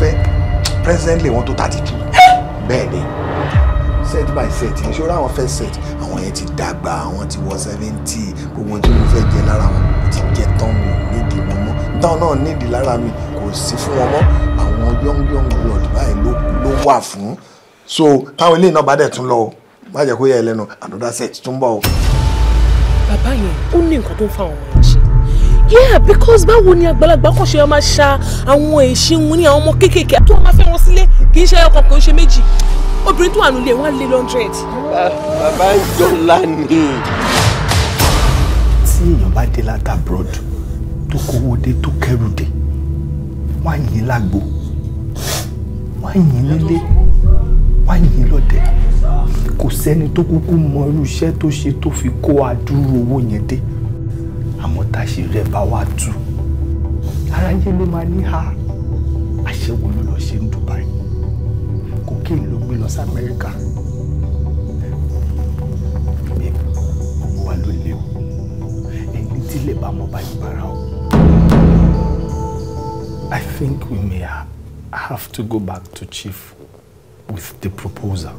fẹ́ presently wọn tó thirty two bẹ́ẹ̀ ni set by set ní ṣọ́ra àwọn first set àwọn yẹn ti dàgbà àwọn ti wọ seventy gbogbo ohun tí mo fẹ́ jẹ lára wọn kò ti jẹ tán mi nídìí wọn mọ́ táwọn náà nídìí lára mi kò sí fún wọn mọ́ àwọn young young blood báyìí ló wà fún so táwọn eléyìí náà bá dẹ̀ tún lọ o má jẹ́ kó yẹ ẹ lẹ́nu another set tún bọ̀ o. bàbá yẹn ó ní nǹkan tó ń fa ọmọ ẹ̀ ṣe yeah because báwo ni àgbàlagbà kan ṣe máa ṣa àwọn èṣin wọn ní àwọn ọmọ kéékèèké tó máa fẹ́ wọn sílé kì í ṣe ọkàn kì í ṣe méjì obìnrin tó wà nílé wọn á lé lọ́ndrẹ́d. Ah, bàbá ń jọ lánìí. tí èèyàn bá dé láti abroad tó kówó dé tó kẹrù dé wọ́n á lágbo wọ́n á nílé wọ́n á lọ́dẹ kò sẹ́ni tó kúkú mọ irú iṣẹ́ tó ṣe tó fi kó adúrú owó yẹn dé àmọ́ táṣì rẹ̀ bá wá tú aráyé ló máa ní ha àṣẹwò ló lọ ṣe ń Dubai cocaine ló gbé lọ sí Amẹ́ríkà gbogbo wa ló léwu ẹni tílẹ̀ bá mọ bá ìbára o. I think we may have to go back to Chief with the proposal.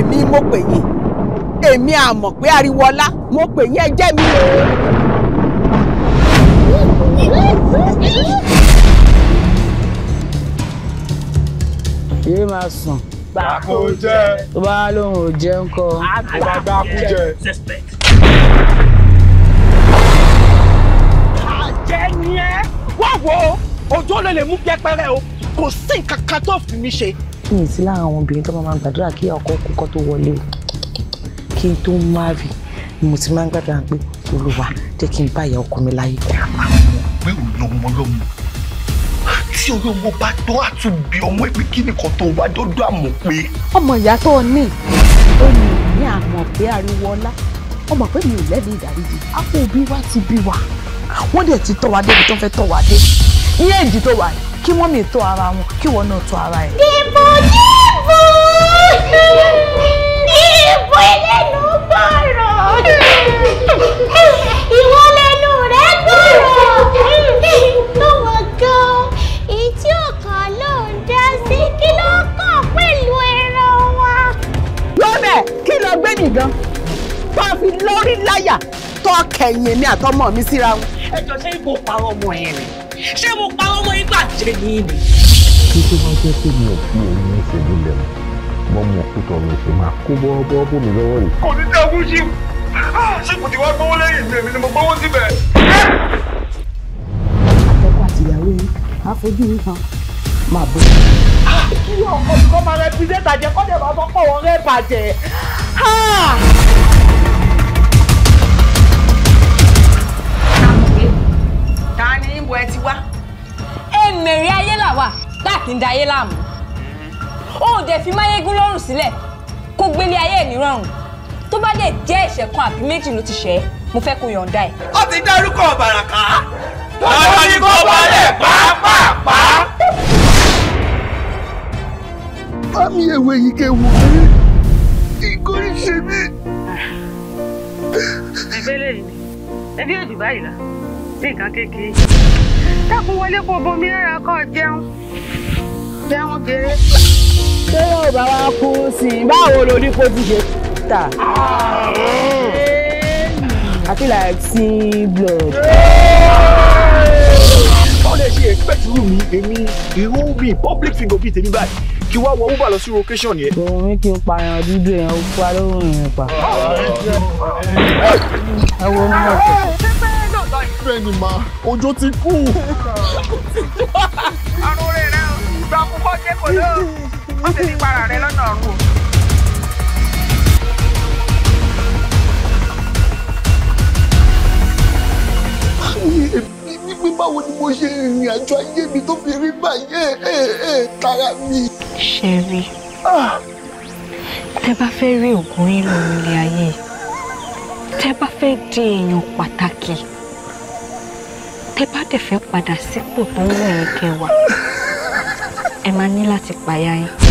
èmi mo pè yín èmi àmọ̀ pé ariwo mo pè yín ẹjẹ́ mi o. yéé máa sùn. bàkó jẹ. tó bá lóun ò jẹun kọ. àgbàgbà kú jẹ. àjẹ ni ẹ wá wo ojú ó lè mú pẹpẹrẹ o kò sí nǹkan kan tó fi mi ṣe kí n sí lára àwọn obìnrin tó máa gbàdúrà kí ọkọ kú kó tó wọlé o kí n tó márì ni mo ti máa ń gbàdúrà pé olúwa jẹ́ kí n bá ìyá ọkọ mi láyé pé ò lọmọ tí orí bá tó àtúnbí ọmọ ẹgbẹ́ kí nìkan tó wá dọ́dọ̀ àmọ̀ pé. ọmọ ìyá tó ní ó ní ní àmọ̀ pé ariwo ọlá ọmọ pé mi ò lẹ́bi ìdáríjì àpò òbí wa ti bí wa wọ́n dẹ̀ ti tọ́ wa débi tó ń fẹ́ wa dé ní èjì tó wà yìí kí mọ́mì tó ara wọn kí wọ́n náà tó ara ẹ̀. dìbò dìbò dìbò ẹlẹ́nu gbọ́rọ̀ ìwọ lẹ́nu rẹ̀ gbọ́rọ̀ lọ́wọ́ gan-an èyí tí ọ̀kan ló ń dá sí kí ló kọ̀ pẹ̀lú ẹran wa. lọ́bẹ̀ kí lọ gbé nìgan tó fi lórí láyà tó kẹ̀yìn mi àtọmọ mi síra wọn. ẹ jọ ṣé ipò parọ́ ọmọ yẹn ni ṣé mo pa ọmọ yín gbàjẹ́ yín ni. kí tó bá jẹ́ pé mi ò fi òun ní ìṣèlú lẹ́nu mo mọ̀ kó tọ̀ mi ṣe máa kó bọ́ bọ́ bó mi lọ́wọ́ yìí. kò ní dá fún ṣíw ṣé kò ti wá gbówó lẹ́yìn mi èmi ni mo gbówó síbẹ̀. àtọkọ àtìyàwó yìí á fojú yìí kan máa bọ. Ah, kí ọkọ̀ mi máa rẹ pílẹ́tà jẹ kọ́ dẹ̀ máa fọ́pọ̀ wọn rẹ́ bàjẹ́. Ah! wá ẹ̀mẹ̀rí ayé làwà láti ń da ayé láàmú ó dẹ̀ fi máyégún lọ́rùn sílẹ̀ kó gbélé ayé ẹ̀ nírọ̀rùn tó bá dẹ̀ jẹ́ ẹ̀ṣẹ̀ kan àbí méjì ló ti ṣẹ̀ ẹ́ mo fẹ́ kó yọ̀ǹda ẹ̀. ó ti dárúkọ bàràkà lọ́jọ́ ní kó wọlé pàápàá. bá mi ewé yìí ké wò ó ìkórè ṣe mí. ẹgbẹ́ lẹ́yìn ẹbí òjò báyìí la ní nǹkan kékeré dákun wọlé kó bomi rárá kó jẹun jẹun jẹrẹ. ṣé yóò bá wa kú sí i báwo ló ní kó ti ṣe tà. I feel like seeing blood. báwo lè ṣe expect irú mi èmi irú mi public figure bíi tèmi báyìí kí wá wọ uber lọ sí location yẹn. òun kì í pààyàn dúdú yẹn ó pa lóhùn yẹn pa. ẹ wo ní ọ̀sẹ̀ girlfriend ma ọjọ́ ti kú. ọrùn rẹ̀ rẹ̀ ìgbà púpọ̀ jẹ́ kò lóò ó ti ní para rẹ̀ lọ́nà ọ̀run. Bí báwo ni mo ṣe rìnrìn àjò ayé mi tó fi rí báyé tara mi. Ṣẹ̀rí, ah. tẹ́ bá fẹ́ rí ògùn yín lórí ilé ayé, tẹ́ bá fẹ́ di èèyàn pàtàkì tẹ́ bá dẹ̀ fẹ́ padà sípò tó ń wọ̀ yín kẹwàá ẹ máa ní láti pààyà yín.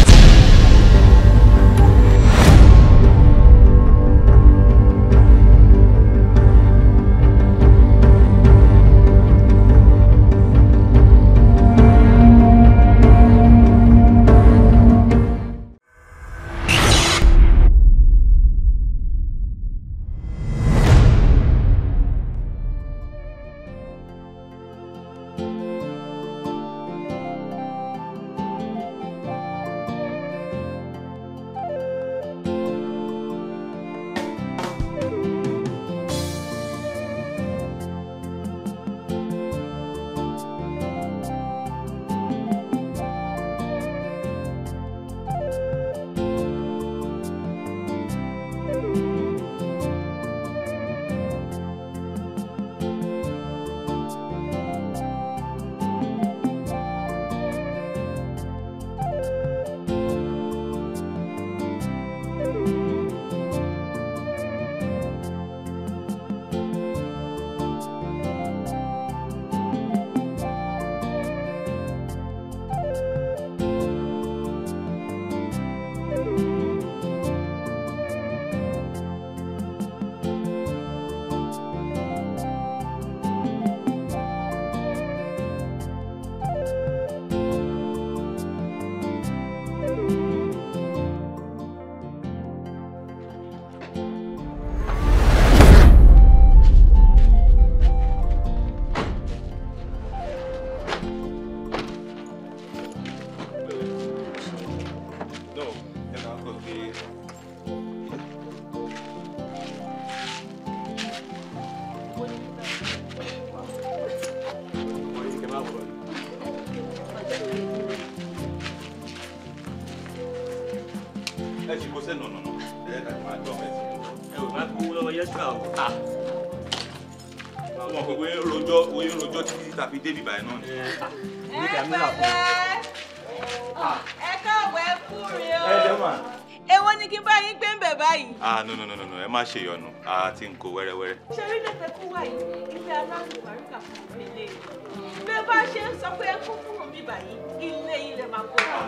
fi débi báyìí náà ni. Eh, ah, ẹ pẹ̀lẹ́ ẹ káàbọ̀ ẹ kú rí o. ẹ jẹ́ mà. èwo ni kí ah no no no no ẹ má ṣe ìyọnu àti nǹkó wẹ́rẹ́wẹ́rẹ́. ṣe Where? bẹ́ẹ̀ kú wáyé ilé aláàbò àríkà fún mi lé bẹ́ẹ̀ bá ṣe ń sọ pé ẹ kú kúrò mi báyìí ilé ilẹ̀ máa kó wa ah,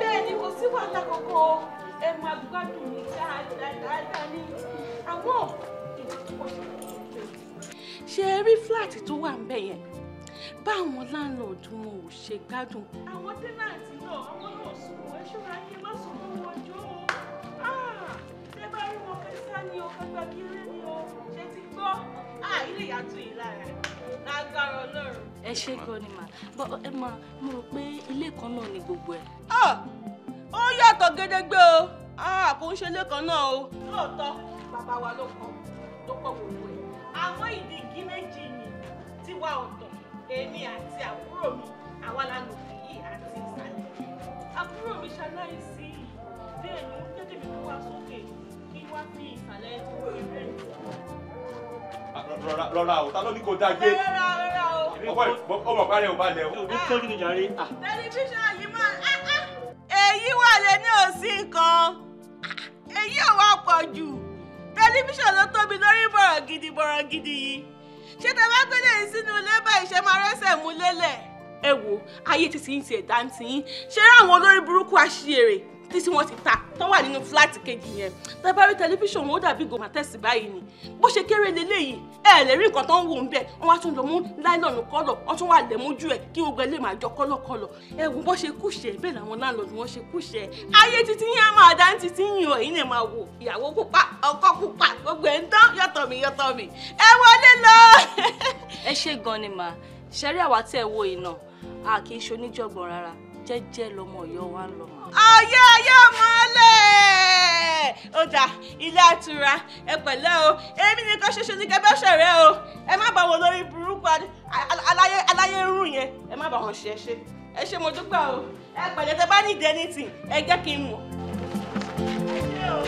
bẹ́ẹ̀ ni kò sí wàhálà kankan ẹ máa gbádùn mi dáadáa ní àwọn ìdókòwò ṣe rí fúláàtì tó wà ń bẹ̀ yẹn báwọn láńlọ́ọ̀dù wọn ò ṣe gbádùn. àwọn tẹ́nàtì náà àwọn náà sùn wọ́n ṣọ́ra kí wọ́n sùn fún wọn jọ o. ṣé ah! bá rí wọn kẹsà ni o kẹgbẹ́ kí lé ni o ṣe ti gbọ́. Ah! ilé ìyàtọ̀ yìí lára lágbára ọlọ́run. ẹ ṣe gan ni mà ẹ mà mo rò pé ilé kan náà ni gbogbo ẹ. Ah! ó yàtọ̀ gédégbé o kò ń ṣe ilé kan náà o. lóòótọ́ bàbá wa ló kọ́ ló kọ́ gbogbo ẹ̀ àwọn ìdí ìgí méjì ni tiwa ọ̀tọ̀ èmi àti àbúrò mi àwa la lò fún yìí àti ìsàlẹ̀ àbúrò mi ṣaláìsí bẹ́ẹ̀ ni ó jẹ́jẹ́ mi kó wá sókè kí wá fi ìsàlẹ̀ tó wọlé rẹ̀. rọra o ta ló ní kó dá gbé. rọra rọra o. ọmọ ìpàdé ò balẹ̀ o. ní tọ́jú ni jàre. Ah. tẹlifíṣàn yìí máa ah, ah. èyí wà lé ní òsín kan èyí ò wá pọ̀ jù tẹlifíṣàn ló tóbi lórí bọ̀rọ̀ gidi bọ̀rọ̀ gidi yìí ṣé tẹ bá gbélé yìí sínú ilé báyìí ṣe máa rẹ́sẹ̀ mú lélẹ̀. ẹ wo ayé ti ti ń tiẹ̀ dáńtì yín ṣé ráwọn olórí burúkú aṣèrè tí tí wọ́n ti ta tán wà nínú fúláàtì kejì yẹn tẹ́ bá rí tẹlifíṣàn wọn ó dàbí gòmà tẹ̀sí báyìí ni bó ṣe kéré leléyìí ẹ lè rí nǹkan tó ń wò ń bẹ̀ wọ́n wá tún lọ mú láìlọ́nù kọ́lọ̀ wọ́n tún wà lẹ̀ mójú ẹ̀ kí gbogbo ẹ lè máa jọ kọ́lọ̀kọ́lọ̀ ẹ wo bó ṣe kúṣẹ̀ bẹ́ẹ̀ làwọn láńlọ́ọ̀dù wọn ṣe kúṣẹ̀ ayé titi yín á máa dá titi yín ọ̀ yín lè máa wò ìyàwó pupa ọkọ pupa gbogbo ẹ̀ ń tán yọ̀tọ̀ mi yọ̀tọ̀ mi ẹ wọlé lọ. ẹ ṣe gan ni màá ṣẹ́rí àwa tẹ́ ẹ wo ìnà a kì í ṣoníjọ̀gbọ̀n rárá jẹ́jẹ́ lọmọ ọ̀yọ́ wa ń lọ. ayé ayé mọ́lẹ̀ ó dà ilé àtura ẹ pẹ̀lẹ́ o èmi nìkan ṣoṣo ní kẹfẹ́ ṣẹ̀rẹ́ o ẹ má bá wọn lórí burúkú aláyé aláyé rú yẹn ẹ má bá wọn ṣe ṣe ẹ ṣe mo dúpẹ́ o ẹ pẹ̀lẹ́ tẹ bá ní ìdẹ́nìtì ẹ jẹ́ kí n mọ̀. ẹ ṣe o.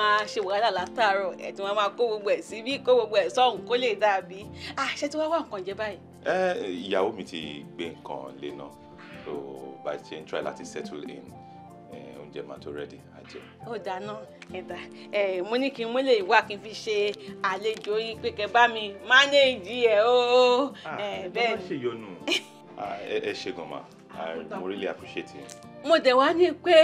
máa ṣe wàhálà látàárọ̀ ẹ̀ tí máa kó gbogbo ẹ̀ síbí kó gbogbo ẹ̀ sọ́hùn kó lè dàbí àṣẹ tí wọ́n wá nǹkan jẹ báyìí. ẹ ìyàwó mi ti gbé nǹkan lé náà so by the ṣe ń try láti settle in oúnjẹ máa tó rẹ́dí àjẹ. ó dáná ẹ̀dá ẹ̀ mo ní kí n múlẹ̀ ìwà kí n fi ṣe àlejò yín pé kẹ́ bá mi mánéèjì ẹ̀ o ah, bẹ́ẹ̀ ni. ẹ ṣe yọnu ah, ẹ ṣe gan ma I ah, really appreciate you mo dẹ̀ wá ní pé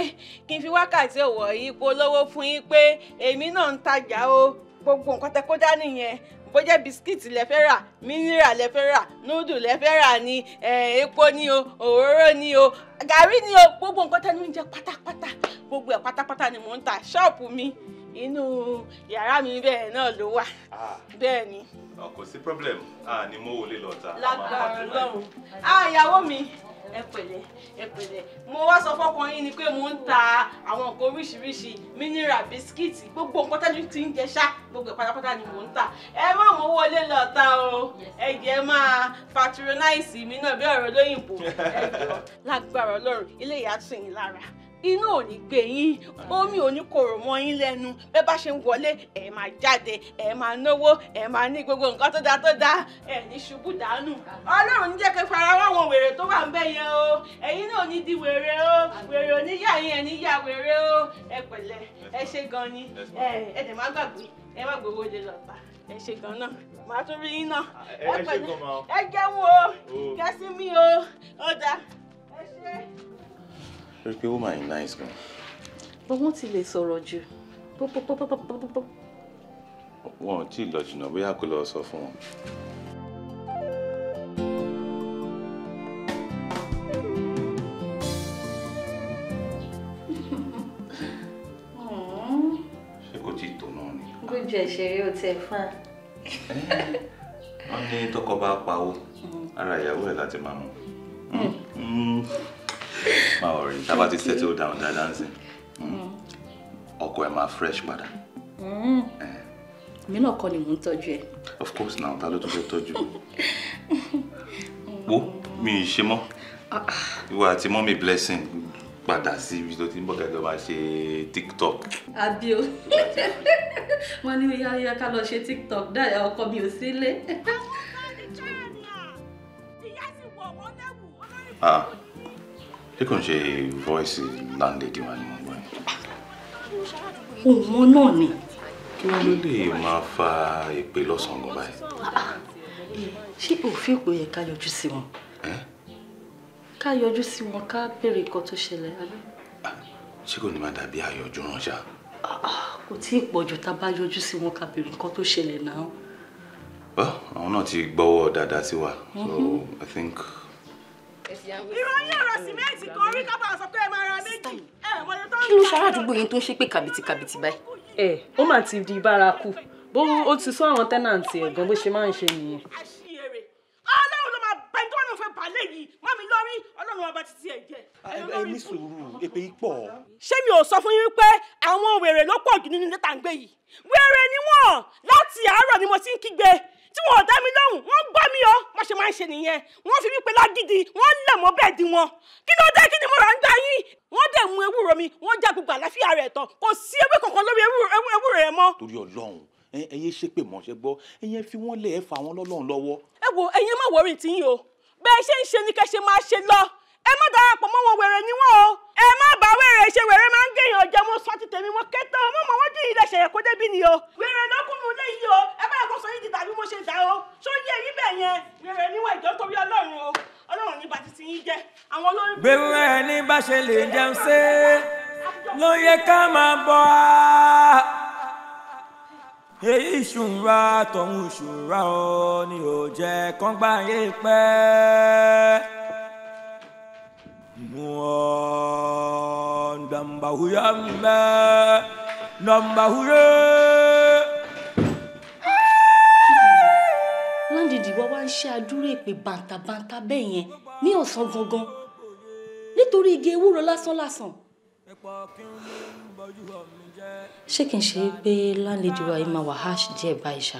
kí n fi wákàtí òwò yìí polówó fún yín pé èmi náà ń tajà o gbogbo nǹkan tẹ kó dání yẹn bó jẹ́ bisikíìtì lẹ fẹ́ rà mínírà lẹ rà núdù lẹ rà ni epo ni o òróró ni o gàrí ni o gbogbo nǹkan tẹnu ń jẹ pátápátá gbogbo ẹ̀ pátápátá ni mò ń ta ṣọ́ọ̀pù mi inú yàrá mi bẹ́ẹ̀ náà ló wà ah. bẹ́ẹ̀ ni. kò sí problem a ah, ni mo wọlé lọ ta. lágbára Ọlọ́run àyàwó ah, mi ẹ pẹ̀lẹ́ ẹ pẹ̀lẹ́ mo wá sọ fọ́kàn yín ni pé mo ń ta àwọn nǹkan oríṣiríṣi mineral bisikíìtì gbogbo nǹkan tájú ti ń jẹ ṣá gbogbo pátápátá ni mo ń ta ẹ má mọ owó ilé lọ ta o ẹ jẹ máa patronize mi náà bí ọ̀rọ̀ lóyìnbó ẹ lágbára Ọlọ́run ilé ìyá tún yín lára inú ò ní gbé yín omi ò ní korò mọ́ yín lẹ́nu bẹ́ẹ̀ bá ṣe ń wọlé ẹ̀ máa jáde ẹ̀ máa náwó ẹ̀ máa ní gbogbo nǹkan tó dáa tó dáa ẹ̀ ní ṣubú dànù ọlọ́run jẹ́ kí fara wá àwọn wèrè tó wà ń bẹ̀ yẹn o ẹ̀yin náà ní di wèrè o wèrè ò ní yà yín ẹ̀ ní yà wèrè o ẹ pẹ̀lẹ́ ẹ ṣe gan ni ẹ ẹ dẹ̀ má gbàgbé ẹ má gbowó lè lọ gbà ẹ ṣe gan náà màá tún rí yín náà ẹ pẹ̀lẹ́ ẹ jẹun o kẹsí mi o ó dáa ẹ ṣe torí pé ó máa ń nice gan. wọ́n ti lè sọ̀rọ̀ jù wọn ò tí ì lọ jìnnà bóyá kò lọ sọ fún wọn. ṣé kò tí ì tó náà ni. gbójú ẹ̀ṣẹ̀rẹ́ ò tẹ̀ fún un. wọ́n ní tọkọ bá pawó ara ìyàwó ẹ̀ láti máa mú. Hmm. Hmm má worry tá a bá ti settle down dáadáa sí hmm. hmm. ọkọ ẹ máa fresh padà. Hmm. Eh. mi náà kọ́ ni mò ń tọ́jú ẹ. of course now ta ló tún fẹ́ tọ́jú wo mi ì ṣe mọ́ ah, ah. ìwọ àti mọ́mí blessing padà sí ibi tó ti ń bọ̀ kẹ́kẹ́ máa ṣe tiktok. àbí o wọn ní ìyá ìyá ká lọ ṣe tiktok dáyà ọkọ mi ò sílé. ah ṣé kò ń ṣe voice landlady wa ni mo gbọ́ yẹn. òun mọ náà ni. kí wọ́n ló lè máa fa èpè lọ́sàn-án gan báyìí. ṣé òfin ìpò yẹ ká yọjú sí wọn. ká yọjú sí wọn ká béèrè nǹkan tó ṣẹlẹ̀ abẹ́. Ah, ṣé kò ní máa dàbí àyọjú ránṣẹ́. Ah, ah, kò tí ì pọ̀jù tá a bá yọjú sí wọn ká béèrè nǹkan tó ṣẹlẹ̀ náà. àwọn náà ti gbọ́wọ́ dáadáa sí wa so mm-hmm. i think ìròyìn ọ̀rọ̀ sìmẹ́ǹtì kan rí kábàá sọ pé ẹ máa ra méjì. kí ló ṣe aládùúgbò yẹn tó ń ṣe pé kàbìtìkàbìtì báyìí. ẹ ó mà ti di bárakú bó ó ti sọ àwọn tẹ́nàǹtì ẹ̀gbọ́n bó ṣe máa ń ṣe nìyẹn. mi lórí ọlọ́run ọba títí ẹ̀ jẹ́. ẹ ní sùúrù èpè yìí pọ̀. ṣé mi ò sọ fún yín pé àwọn wèrè ló pọ̀ jù nínú ilé tàǹgbé yìí wèrè ni wọ́n láti àárọ̀ ni mo ti ń kígbe tí wọn ò dá mi lóhùn wọn gbọ́ mi o wọn ṣe máa ń ṣe nìyẹn wọn fi wípé lágídí wọn lẹ̀ mọ́ bẹ́ẹ̀ di wọn kí ló dé kí ni mo rà ń gbá yín wọn dẹ̀ mu ewúro mi wọn já gbogbo àlàáfíà rẹ̀ tán kò sí ewé kankan lórí ewúro rẹ̀ mọ́. torí Ọlọ́run ẹyẹ ṣépè mọ ṣe gbọ́ ẹyẹ fi wọn lẹ ẹ fà wọn lọ́lọ́run lọ́wọ́. ẹ wo ẹyin má wọrí tiyín o bẹ́ẹ̀ ṣe ń ṣe ni kẹ́ ṣe máa ṣe lọ ẹ má darapọ̀ mọ́ wọn wèrè ni wọ́n o ẹ má bá wèrè ṣe wèrè máa ń gẹ̀yìn ọjà mo sọ tèmi mo ké tán mo wọ́n dín ilé ṣẹ̀yẹ̀ kó débi ni o. wèrè lọ́kùnrin ilé yìí o ẹ bá yàgò sọ yìí di tàbí mo ṣe dà o ṣó yé bẹ̀ yẹn wèrè níwọ̀n ìjọ torí ọlọ́run o ọlọ́run ní bàtí ti yín jẹ́ àwọn olórí. gbẹ̀wẹ̀ èyí ìṣúra tọ̀hún ìṣúra ọ ni ò jẹ́ kán gbáyé pẹ́ẹ́ muon damba huyamba damba huye. láǹdìdì wa wá ń ṣe àdúrà èpè bàǹtàbàǹtà bẹ́ẹ̀ yẹn ní ọ̀sán gangan nítorí igi ewúro lásánlàsàn. ṣé kí ṣe é pé láǹlẹ́dì wa yìí máa wà hash díẹ̀ báyìí ṣá.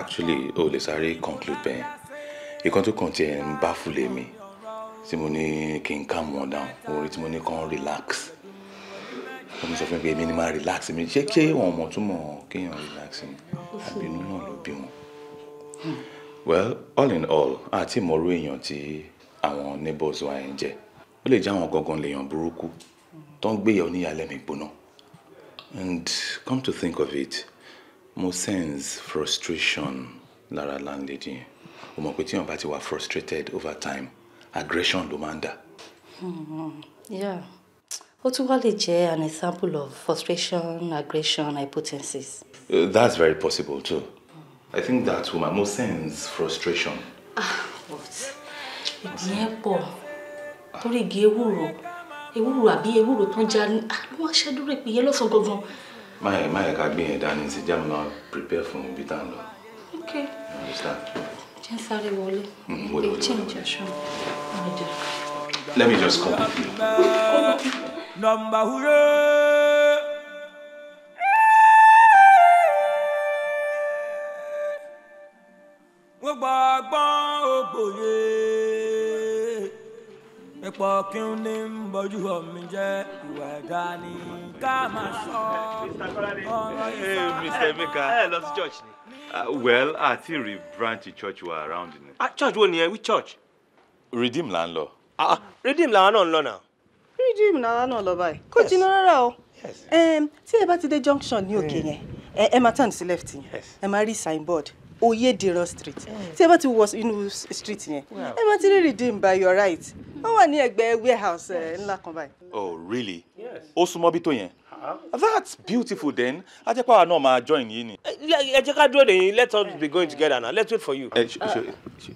actually o lè sáré conclude bẹ́ẹ̀ ìkan tó kàn tiẹ̀ ń bá fúlẹ̀ mi tí mo ní kí n calm wọn down orí tí mo ní kàn relax wọ́n mi sọ fún mi pé èmi ni máa relax mi ṣé ṣé wọn mọ̀ túmọ̀ kéèyàn relax mi àbínú náà ló bí wọn. well all in all àti ìmọ̀rú èèyàn tí àwọn neighbors wa ń jẹ́ ó lè jẹ́ àwọn gangan lèèyàn burúkú tó ń gbéyàwó níyàlẹ́mí gbóná and come to think of it mo sense frustration lára landlady yẹn o mọ̀ pé tíyàn bá ti wà frustrated over time aggression ló máa ń dà. Hmm, ó tún wá lè jẹ́ an example of frustration aggression hypotensis. Uh, that's very possible too. I think that woman mo sense frustration. ah but ìgbìyẹn pọ̀ torí igi ewúro ewúro àbí ewúro tó ń já ní àwọn aṣáájú rẹ̀ pé yẹn lọ́sàn gangan. máyẹ̀ máyẹ̀ ká gbìyànjú dání sí jámù náà prepare for ibi lọ. okay. understand? Mm, Change your Let me just call you. Number one. ògbòye. pípọ̀ kí n ní ń bójú omi jẹ́ ìwà ẹ̀dá ni ká máa sọ ọ̀rọ̀ ìfà. Mr. Emeka ẹ lọ sí church ni. Ah, well àti rí branch church wa around ni. ah church wo nìyẹn which church. Redeem là ń lọ. ah, ah Redeem làwọn náà ń lọ náà. Redeem làwọn náà lọ báyìí kò jìnnà rárá o tí ẹ bá ti dé junction ní òkè hmm. yẹn ẹ máa turn sí left yẹn ẹ máa rí signboard oyedìran street mm. tí ẹ bá ti wọ inú street yẹn ẹ máa ti rí redeem by your right wọ́n wà ní ẹgbẹ́ warehouse eh, ńlá kan báyìí. oh really ó súnmọ́ bí tó yẹn uh-huh. that's beautiful then ajẹ́pá wa náà máa join yìí ni. Eh, eh, ẹ jẹ́ ká dúró de let us be going together now let's wait for you. Uh,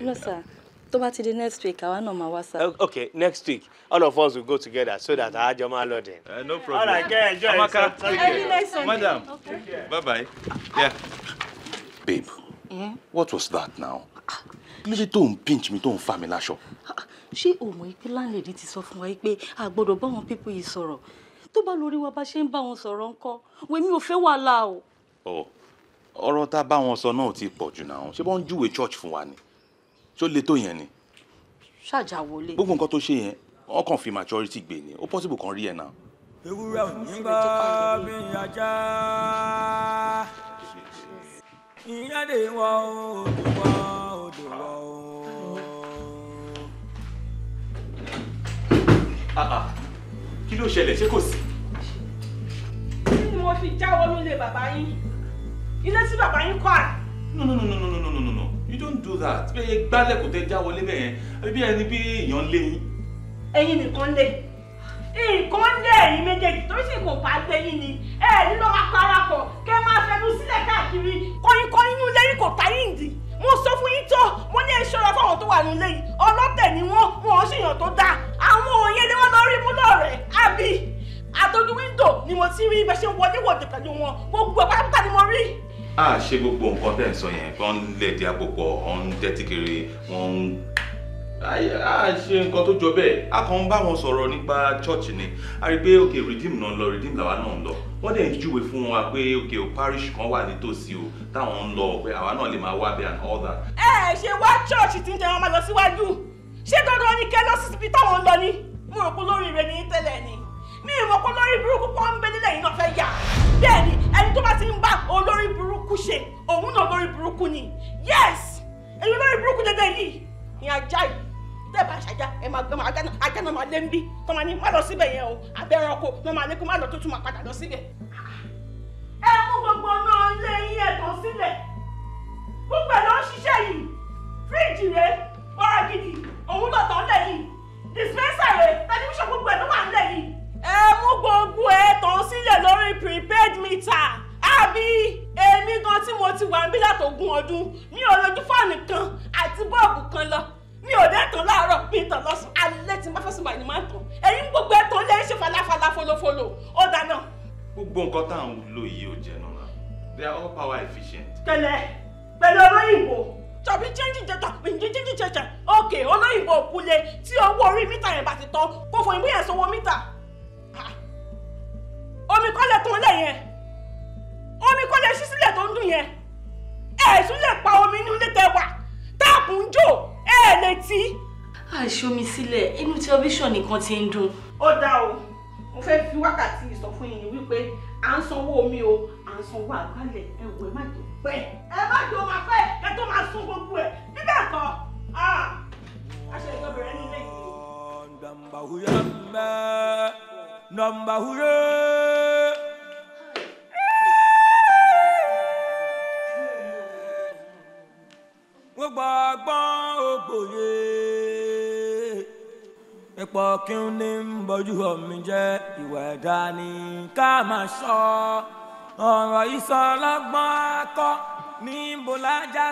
no sir tó bá ti di next week àwa náà máa wá sá. Oh, okay next week all of us will go together so that a jọ máa lọ dẹ. no problem all right enjoy yourself. amaka take care madam okay. bye bye. Ah. Yeah. babe Eh? what was that now? kílódé don't ń pinch mi tó ń fà mí láṣọ. Ah, ṣé o mọ̀ pé láńlẹ́dì ti sọ fún wa pé a gbọ́dọ̀ bá wọn pípọ̀ yìí sọ̀rọ̀ tó bá lórí wa bá ṣe ń bá wọn sọ̀rọ̀ ńkọ́ wèmi ò fẹ́ wàhálà o. ọ ọ̀rọ̀ tá a bá wọn sọ náà church fún wa ni ṣó le tó yẹn ni. ṣàjà wọlé. gbogbo nǹkan tó confirm yẹn wọn kàn fi maturity gbé ni ó possible kan rí ìyáde wọ odò wọ odò wọ o. Ah, ah. kí ló ṣẹlẹ̀ ṣé kò sí. kí ni mo fi jáwọ́ lólè bàbá yín ilé tí bàbá yín kọ́ à. no no no no no no no no you don't do that bẹ́ẹ̀ gbálẹ̀ kò tẹ́ jáwọ́ lébẹ̀ yẹn bí ẹni bí èèyàn lé yín. ẹ̀yin nìkan lé nǹkan lé ẹ̀yin méjèèjì tó sì kò bá gbé yín ni ẹ ní lọ́ máa parapọ̀ kẹ́ máa fẹnu sílẹ̀ káàkiri. kọ̀yìnkọ̀yìn inú ilé yìí kò táyé ìdí mo sọ fún yín tó mo ní ìṣọ́ra fáwọn tó wà nílé yìí ọlọ́tẹ̀ ni wọ́n wọn ò ṣèyàn tó dáa àwọn òye ni wọ́n lọ rí mú lọ́rẹ̀ẹ́ àbí àtọ́jú wíńdò ni mo ti rí bẹ́ ṣe wọlé wọ̀dẹ̀ pẹ̀lú wọn gbogbo ẹ̀ pátápátá ni mo rí a ṣe gbogbo nǹkan tẹ̀ ń sọ yẹn kí wọ́n lẹ̀dí àpòpọ̀ ọ̀hún tẹ́tí kiri wọ́n ń a ṣe nǹkan tó jọ bẹ́ẹ̀ a kàn ń bá wọn sọ̀rọ̀ nípa church ni a rí i pé òkè redeem náà lọ redeem làwa náà ń lọ wọ́n dẹ̀ ń júwe fún wa pé òkè o parish kan wà nítòsí o táwọn ń lọ pé àwa náà lè máa wá bẹ́ẹ̀ and all that. ẹ ẹ ṣe wá church tí ń jẹ wọn máa lọ síwájú ṣé dandan ni kẹ́ sisi sí ibi táwọn ń lọ ni mo rò pé lórí rẹ ní tẹ́lẹ̀ ni mi ò mọ̀ pé olórí burúkú pọ́n ń bẹ nílẹ̀ yìí náà fẹ́ yà bẹ́ẹ̀ ni ẹni tó bá ti ń bá olórí burúkú ṣe òun náà olórí burúkú ni yes èyí olórí burúkú dédé yìí ni ajá yìí tẹ́ ẹ bá ṣàjà ẹ máa gbọ́n ajá náà máa lé ń bí tó máa ní má lọ síbẹ̀ yẹn o abẹ́ranko náà máa lé kó má lọ tó máa padà lọ síbẹ̀. ẹ mú gbogbo náà lé yín ẹ̀tàn sílẹ̀ gbogbo ẹ̀ ṣiṣẹ́ yìí fíríjì rẹ̀ bọ́ra gidi òun lọ tán lẹ̀ yìí dispenser rẹ̀ tẹlifíṣàn gbogbo ẹ̀ ló wà nílẹ̀ yìí. ẹ mú gbogbo ẹ̀tàn sílẹ̀ lórí prepaid meter àbí èmi gan tí mo ti wà ń bí látògún ọdún mi ò lójú fáànù kan àti bọ́ọ̀bù kan lọ mi ò dé tán láàárọ̀ mi tàn lọ́sùn alẹ́ tí n bá fẹ́ sùn báyìí ni máa ń tàn ẹ̀yin gbogbo ẹ̀ tó lé ṣe falafala folofolo ó dáná. gbogbo nǹkan tá à ń lò yìí ò jẹ́ nọ́nà they are all power efficient. pẹ̀lẹ́ pẹ̀lẹ́ olóyìnbó tàbí jíjí jẹta jíjí jẹjẹ òkè olóyìnbó òkúlé tí owó orí mítà yẹn bá ti tán kó fún ìmú yẹn sanwó mítà ah. omi kọ́lẹ̀ tó ń lẹ̀ yẹn omi kọ́lẹ̀ ṣí sílẹ̀ tó ń dùn yẹn létí. àìṣomi sílẹ̀ inú tẹlifíṣàn nìkan ti ń dùn. ó dá o mo fẹ́ fi wákàtí ìsọfún yìí wípé à ń sanwó omi o à ń sanwó àgbálẹ̀ ẹ̀wọ̀ ẹ má jò pẹ́ ẹ má jò máa pẹ́ ẹ tó máa sún gbogbo ẹ̀ nígbà kan àṣẹ ìjọba rẹ nílé yìí. nọmba huyo mẹ nọmba huyo. gbọ́gbọ́n ògbòye ipò kí n ní ń bójú omi jẹ́ ìwà ẹ̀dá ni ká máa sọ ọ̀rọ̀ ìsọlọ́gbọ́n akọ níbo lájà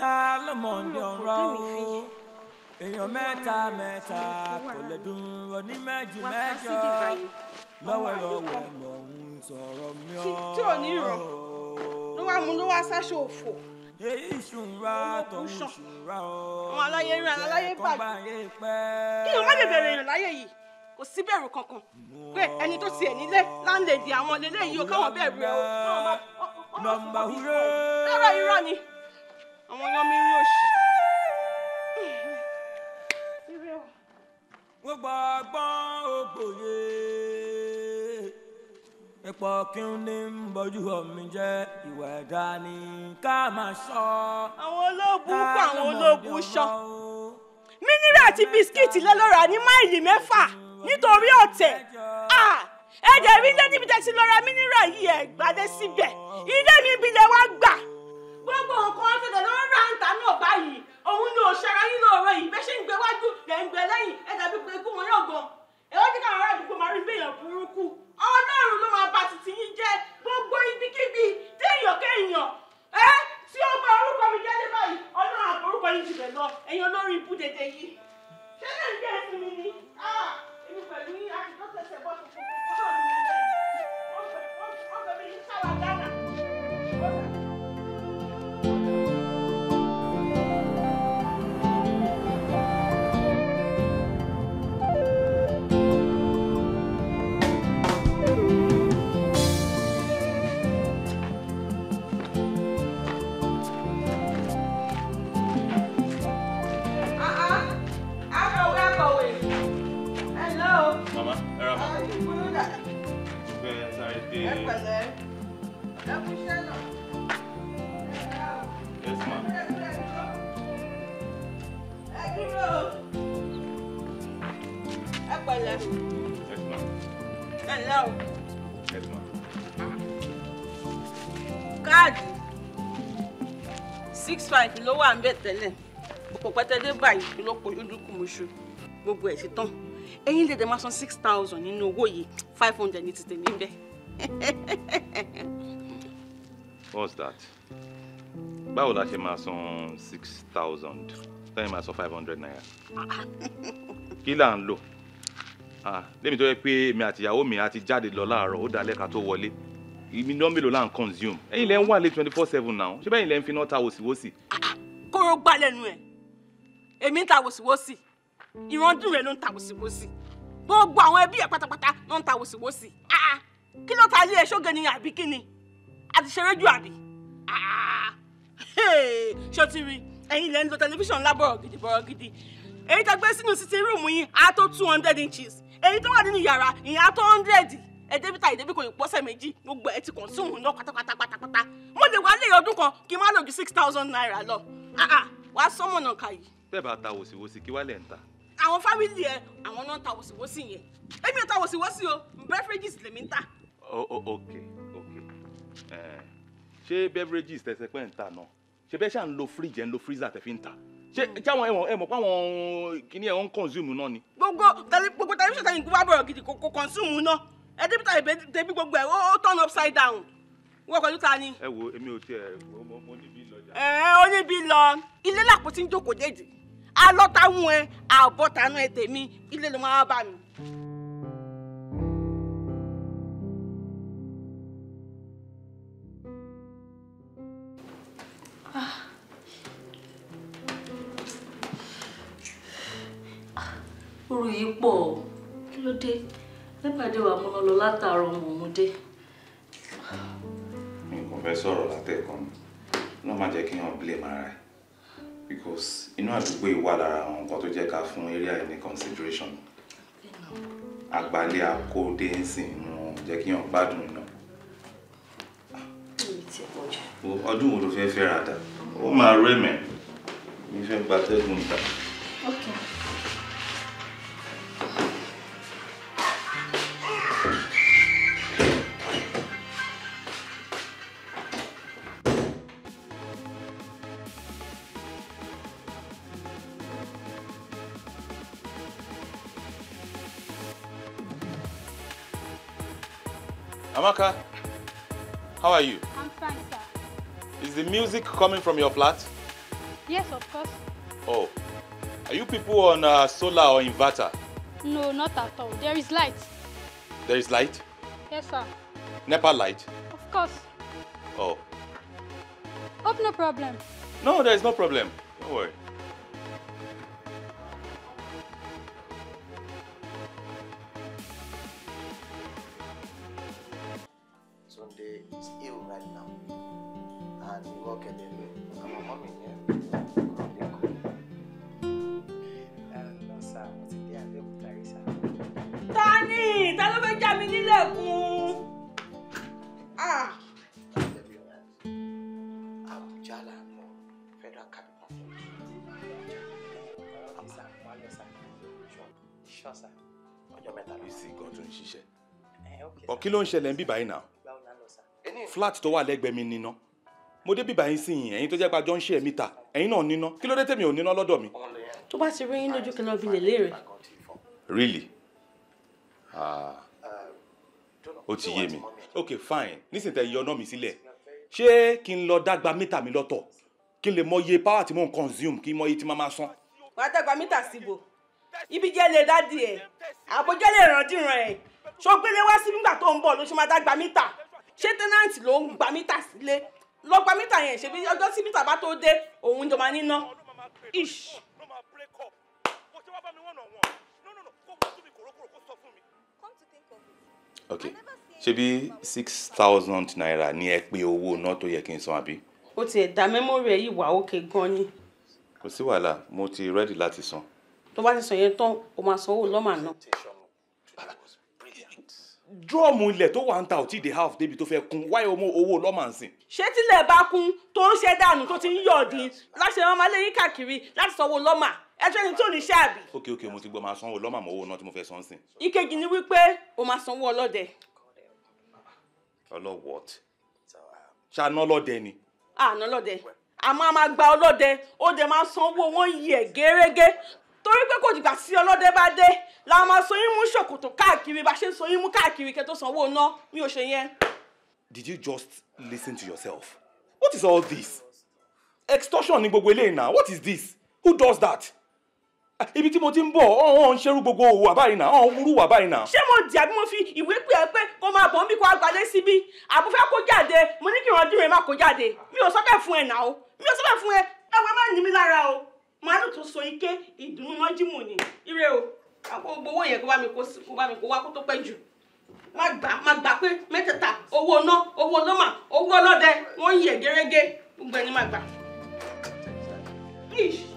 ta ló mọ̀ ní ọ̀rọ̀ o èèyàn mẹ́ta mẹ́ta kò lè dúró ní méjì mẹ́jọ lọ́wọ́lọ́wọ́ lòun sọ̀rọ̀ mi ọ́. tí ò ní rọ̀ ló wá mú ló wá sáṣọ òfò èyí ìṣúra tọ̀hún ìṣúra ọ̀ jẹ́ kò sí bẹ̀rù kankan pé ẹni tó tiẹ̀ nílé láńlẹ̀dì àwọn lélẹ́yìí o káwọn bẹ̀rù ẹ o. nọ́mbà wúrẹ́. lọ́rọ̀ irọ́ ni àwọn ọmọ mi rí òṣì. gbogbo ọgbọ́n ògbòye ipò kí n ní ń bójú omi jẹ́ ìwà ẹ̀dá ni ká máa ṣọ́. àwọn ológun kọ àwọn ológun ṣọ́ mínírà àti bisikíìtì lẹ́lọ́ra ní máìlì mẹ́fà nítorí ọ̀tẹ̀ ẹ̀jẹ̀ rí lé níbi tẹ́sí lọ́ra mínírà yìí ẹ̀ gbadé síbẹ̀ ilé mi ibi lẹ wá gbà. gbogbo nǹkan ọ̀sẹ̀ ló ń ra ń náà báyìí òun ni òṣèré yín lóore yìí bẹ́ẹ̀ ṣe ń gbé wájú lẹ́ ń gbé lẹ́yìn ẹ̀dàbí pé ikú wọn yóò gan ẹ̀ wọ́n ti ká àwọn ará àdúgbò máa rí bí èèyàn burúkú ọlọ́run ló máa bà títí yín jẹ́ gbogbo ibikíbi téèyàn kéèyàn ẹ tí ó bá orúkọ mi jáde báyìí ọlọ́run àbórúkọ yín jù bẹ́ẹ̀ lọ ẹ̀yin olórí ibú dédé yìí ṣé lè ń gbé ẹ̀sìn mi ni ah, èmi pẹ̀lú yín àti wà ń bẹ̀ tẹ́lẹ̀ kò pẹ́tẹ́ dé báyìí ló pojú dúkùn gbogbo ẹ̀ ti tán lè dẹ̀ máa san six thousand nínú owó yìí five hundred ní ti tèmi ń bẹ̀. what's that? báwo la ṣe máa san six thousand tẹ́yìn máa san five hundred naira kí là ń lò ah, lẹ́mi tó yẹ pé èmi àtìyàwó mi a jáde lọ láàárọ̀ ó dalẹ́ ká tó wọlé ìmí nọ́mbìlò là ń consume ẹ̀yin lẹ́ ń wà lé twenty four seven now ṣé bẹ́ẹ̀ ni lẹ́ ń fi náà ta wòsíwòsí. Ah, ah kóró gbá lẹ́nu ẹ̀ èmi ń ta wòsíwòsì ìrandún rẹ̀ ló ń ta wòsíwòsì gbogbo àwọn ẹbí ẹ̀ pátápátá ló ń ta wòsíwòsì ah, ah. kí ló ta ilé ẹ̀ ṣóge ni àbí kí ni àti ṣeré jù àbí ah, ṣó ti rí ẹ̀yin lẹ́nu lo tẹlifíṣàn ńlá bọ̀rọ̀ gidi bọ̀rọ̀ gidi èyí tó gbé sínú sitting room yín á tó two hundred inches èyí tó wà nínú yàrá ìyẹn á tó hundred ẹ débi ta ìdébí kò ní pọ́sẹ̀ méjì gbogbo ẹ ti consume náà pátápátá pátápátá mo lè wá lé ọdún kan kí n má lò ju six thousand naira lọ ah, ah, wàá sọ́mọ̀nà kàyí. bẹ́ẹ̀ bá ta wòsíwòsí kí wàá lẹ̀ ń ta àwọn fámìlì ẹ àwọn náà ń ta wòsíwòsí yẹn èmi ò ta wòsíwòsí o beverages lèmi ń tà. ok ok ṣé beverages tẹsẹ pé ń tà náà ṣe bẹ́ẹ̀ ṣáà ń lo fridge ẹ̀ ń lo freezer tẹ̀ fi ń tà ṣé táwọn ẹ̀wọ̀n ẹ̀ mọ̀ pé àwọn kìnìún ẹ̀ ń consume náà ni. gbogbo gbogbo tẹlifíṣàn tẹ̀yìn gbogbo àbọ̀rọ̀ gidi kò consume náà ẹ débi tàbí débi gbogbo ẹ ó turn upside down wọ́n kọjú ta ni. ẹ wo èmi ò tiẹ̀ mo níbi lọ. ẹ ó níbi lọ ilé làpò tí ń jókòó déèdì alọ́tàwọn ẹ àbọ̀tànú ẹ tèmi ilé ló máa bá mi. Ah. Ah. oru yìí pọ̀ kí ló dé nípàdé wa mo lọ látàárọ̀ mò ń dé. mi kò fẹ́ sọ̀rọ̀ látẹ̀kọ́ mi náà má jẹ́ kí wọ́n blame ara ẹ̀ because inú àdúgbò yìí wà lára àwọn nǹkan tó jẹ́ ká fún area yìí consideration àgbálẹ̀ àkóódé ń sìn inú jẹ́ kí wọ́n gbádùn iná. ọdún wo ló fẹ́ fẹ́ ra dà ó máa rẹ́mẹ̀ mi fẹ́ gbatẹ́gùn ìgbà. coming from your flat? Yes, of course. Oh. Are you people on uh, solar or inverter? No, not at all. There is light. There is light? Yes, sir. Nepal light? Of course. Oh. Hope no problem. No, there is no problem. Don't worry. ló ń ṣẹlẹ̀ ń bíbá yìí náà flat tó wà lẹ́gbẹ̀ẹ́ mi níná mo dé bíbá yín sí yìí ẹ̀yin tó jẹ́ pàjọ́ ń ṣe mítà ẹ̀yin náà níná kí ló dé tèmi ò níná lọ́dọ̀ mi. tó bá ti rí yín lójú kan náà fi lè léèrè. really ah. ó ti yé mi ok fine nísìnyí tẹ yọ náà mi sílẹ̀ ṣé kí n lọ dágba mítà mi lọ́tọ̀ kí n lè mọ iye power tí mò ń consume kí n mọ iye tí màá máa san. wàá dágba mítà síbò ibi jẹ́ lè dádì ẹ̀ àbójẹ́ lè rán dìran ẹ̀ ṣó gbélé wá sí nígbà tó ń bọ̀ ló ṣe máa dá gba mítà ṣé tẹ́nàǹtì ló ń gba mítà sílé lọ gba mítà yẹn ṣe bí ọjọ́ tí mítà bá tó dé òun jọ máa níná ish. ok ṣebí six thousand naira ni ẹ pé owó náà tó yẹ kí n san àbí. o tiẹ̀ da mẹ́mórì ẹ̀ yìí wá òkè gan-an ni. kò sí wàhálà mo ti rẹ́dì láti san. tó bá ti sàn yẹn tán o máa sanwó lọ́mà náà dúrọ́ọ̀mù ilẹ̀ tó wà ń ta ò tí ì dé half débi tó fẹ́ kún wáyé ọmọ owó lọ́màǹsìn. ṣé tílẹ̀ bá kún tó ń ṣe dànù tó ti ń yọ̀ di láṣẹ wọn máa lé yín káàkiri láti sanwó lọ́mà ẹjọ́ ni tó ní iṣẹ́ àbí. ok ok mo ti gbọ́ máa sanwó lọ́mà mọ́ owó náà tí mo fẹ́ san sìn. ìkejì ni wípé o máa sanwó ọlọ́dẹ. ọlọ́wọ́ ṣáná ọlọ́dẹ ni. àná ọlọ́dẹ a máa ma gba ọlọ́dẹ ó dẹ̀ máa sanwó wọn yẹ gẹ́rẹ́gẹ́ torí pé kò dìgbà tí ọlọ́dẹ bá dé la máa so yín mú ṣòkòtò káàkiri bá ṣe ń so yín mú káàkiri kẹ́ tó sanwó ná mi ò ṣe yẹn. Did you just listen to yourself? What is all this? Extortion ni gbogbo eléyìí náà. What is this? Who does that? ibi tí mo ti ń bọ̀ ọ̀hún ń ṣerú gbogbo òwò àbáyìí náà ọ̀hún wúrú wà báyìí náà. ṣé mo dì àbí mo fi ìwé pè é pé kó máa bọ̀ nbí kó agbalẹ̀ síbí àbúfẹ́ kó jáde mo ní kí ìrandí rẹ̀ má kó jáde mi ò sọ́kẹ̀ fún ẹ̀ náà o mi ò sọ́kẹ̀ fún ẹ ẹ̀wọ̀n má ní mi lára o màálù tó so ike ìdùnnú mọ́jímù ni ire o àwọn owó yẹn kó bá mi kó wá kó tó pẹ́ jù má gbà má gbà pé mẹ́tẹ̀ẹ̀ta owó ná owó nọ́mà owó ọlọ́dẹ wọ́n yẹ̀ gẹ́gẹ́ gbogbo ẹni má gbà. Please.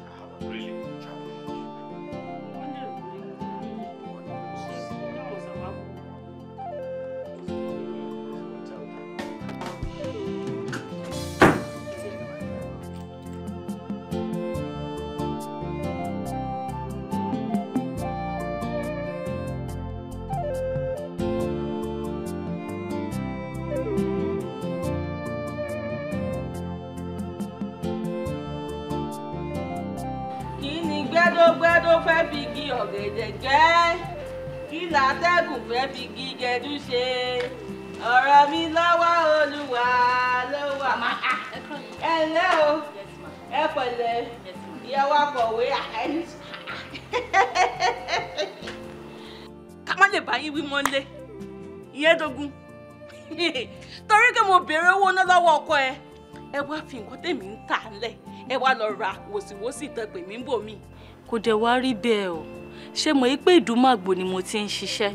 ṣètúnṣe ọrọ mi lọ́wọ́ olúwa ló ah, ẹ o ẹ ká má lè bá yín wí mọ́lé dogun torí pé mo béèrè owó náà lọ́wọ́ ọkọ ẹ ẹ wá fi nǹkan tèmi ń tà lẹ̀ ẹ wá lọ ra wòsíwòsí tán pè mí bò mí. kò dẹ̀ wá rí bẹ́ẹ̀ o ṣé mo yí pé àgbò ni mo ti ń ṣiṣẹ́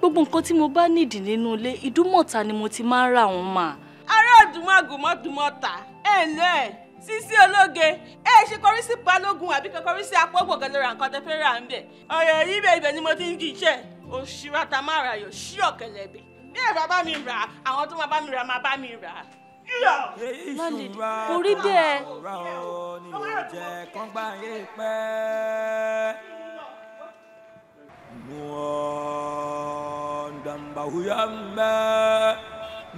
gbogbo nǹkan tí mo bá nídìí nínú ilé ìdúmọ̀ta ni mo ti máa ń rà wọ́n mà. ará ọ̀dùnmágùn ẹ ǹlẹ́ sísí ológe ẹ ṣe kọrí sí balógun àbí kọrí sí apọ́gbọ̀ gẹ́gẹ́ ra nǹkan tẹ fẹ́ rà ń bẹ̀ ọ̀rọ̀ yìí bẹ̀ ibẹ̀ ni mo ti ń jíṣẹ́ òṣìrata má ra yóò ṣí ọ̀kẹ́lẹ̀ bẹ̀ bí ẹ bá mi rà àwọn tó máa bá mi rà máa bá mi rà lálẹ́ kò bẹ́ẹ̀. mo Nambahuyamba